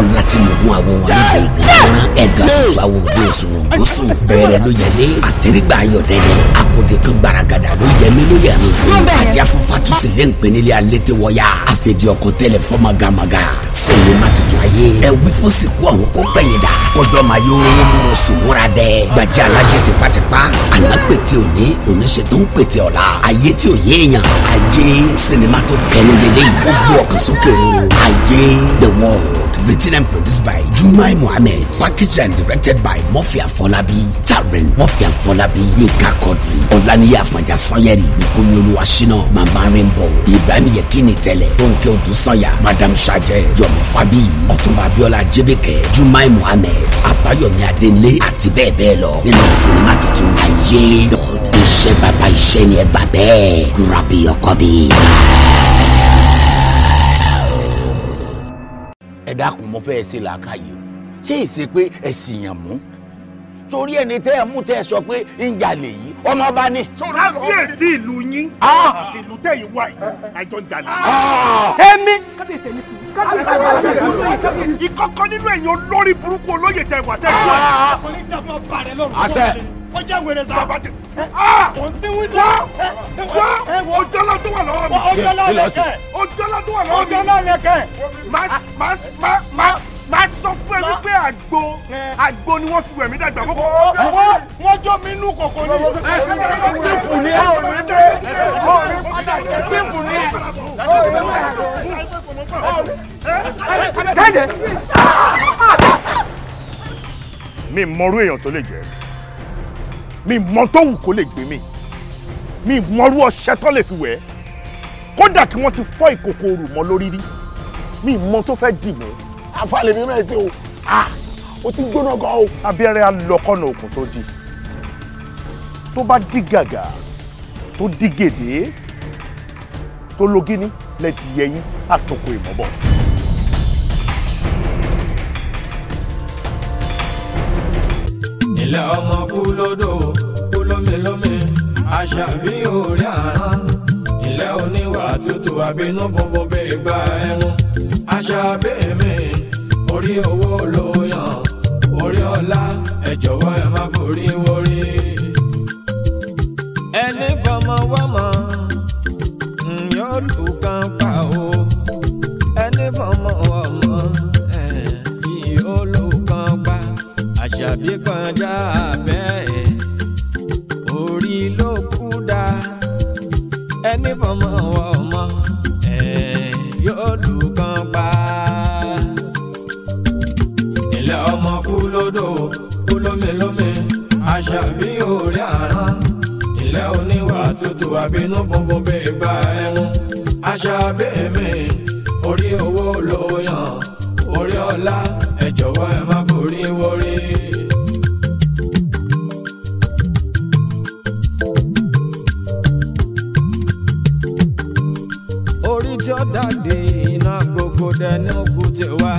Speaker 3: ọ̀la tí mo gun àwọ̀ wọn níbi ìgbàlóra ẹ̀gà soso àwọ̀ òde òṣùwọ̀n gbósùn bẹ̀rẹ̀ ló yẹlé àtẹrígbà ayọ̀ dẹ́dẹ́ akóde kan gbaragada ló yẹmí ló yẹnu àjà fún fatusi lé ńpẹ́ nílé alẹ́ tẹ wọ́ya àfẹ́dí ọkọ̀ tẹ́lẹ̀ fọ́magamaga sẹ́yìn má tuntun ayé ẹ wí fún sìnkú àwọn kó gbẹ̀yìn dà kọjọ́ máa yọ oró múra sùnmúra dẹ́ gbajẹ́ alájẹ tipátipá alápètè òní oníṣẹ́ tó ń pètè ọ̀la ayé tí ò yé èèyàn ayé sinimá tó kẹ́ni lélẹ́yìn ó gbé ọkàn sókè rúru ayé the world. Written and produced by Jumai Mohammed. Packaged and directed by Mafia Folabi. Starring Mafia Folabi, Yinka Kodri, Olaniya Afanja Sanyeri, Nkumi Oluwasina, Mama Rainbow, Ibrahim Yekini Tẹ́lẹ̀, Ronke Odusanya, Madam Sajẹ, Yomi Fabi, Ọ̀túnba Abiola Jebeke, Jumai Mohammed, Abayomi Adenle àti bẹ́ẹ̀ bẹ́ẹ̀ lọ. Nínú sinimá titun Ayé Dọ̀ọ̀nù. Iṣẹ́ bàbá iṣẹ́ ni ẹ gbà bẹ́ẹ̀. Grab your copy. ẹ dákun mo fẹ́ ṣe làákàyè ṣé ìṣe pé ẹ yàn mú torí ẹni tẹ́ ẹ mú tẹ́ ẹ sọ pé ń jalè yìí ọmọ bá ní. sọ̀rọ̀ àlọ́
Speaker 2: yẹ̀ sí ìlú yín ah! àti ìlú tẹ̀ yín yìí àjọ ń jalè. Ah! èmi. ìkọ̀kọ̀ nínú ẹ̀yin olórí burúkú olóyè tẹ̀ wá ah! àṣẹ ó jẹ́ wèrè sá. bàbá ti kò sí wíńsà. wá wá ojọ́lá tó wà lọ́wọ́ mi. ojọ́lá lẹ́kẹ̀. ojọ́lá tó wà lọ́wọ́ mi. ojọ́lá lẹ́kẹ̀. má má má má máa sọ fún ẹ wípé àgbo àgbo ni wọ́n fi wẹ̀ mí dàgbà kókó. wọ́n wọ́n jọ mí nú kòkó ni.
Speaker 1: tífù ni ẹ tífù ni ẹ. jáde.
Speaker 2: mi mọ̀rú èèyàn tó lè jẹ́ mi mọ tó wù kó lè gbé mi mi mọrú ọṣẹ tó lè fi wẹ̀ ẹ́ kódà kí wọ́n ti fọ́ ìkòkò òrù mọ́ lórí rí mi mọ tó fẹ́ dì mí. àfàlẹ́ mi mẹ́sẹ̀ o ah! o ti gbóná gan o. abẹ́rẹ́ alọ́kọ́nà òkun tó di tó bá dí gàgà tó dí gèdè tó lógíní lẹ́ẹ̀dì yẹyìn àtòkò
Speaker 4: ìmọ̀bọ̀. ilẹ̀ ọmọ kú lódò kú lómilómi àṣàbí orí àrán ilẹ̀ oníwà tútù àbínú funfun bèrè gba ẹnu àṣàbí mi orí owó ló yàn orí ọlá ẹ jọ̀wọ́ ẹ má forí wọrí. ẹni fọmọ wọmọ yóò lù. àṣàbí kọjá abẹ́ ẹ̀ orí ló kú dá ẹni fọmọ wọ ọmọ ẹ̀ yóò dùkan pa. ilẹ̀ ọmọ kú lódò kú lómelómi àṣàbí òrí àrán ilẹ̀ oníwà tútù àbínú funfun bẹ́ẹ̀ gba ẹ̀wọ̀n àṣàbí mi orí owó ló yàn orí ọlá ẹ jọ̀wọ́ ẹ má forí wọrí. dẹni òkúté wá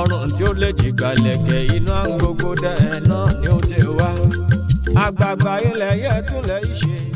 Speaker 4: ọrùn tí ó lè jìgbà lẹ̀kẹ̀ iná gbogbo dẹ̀ náà ni ó ti wá àgbààgbà ilẹ̀ yẹ tún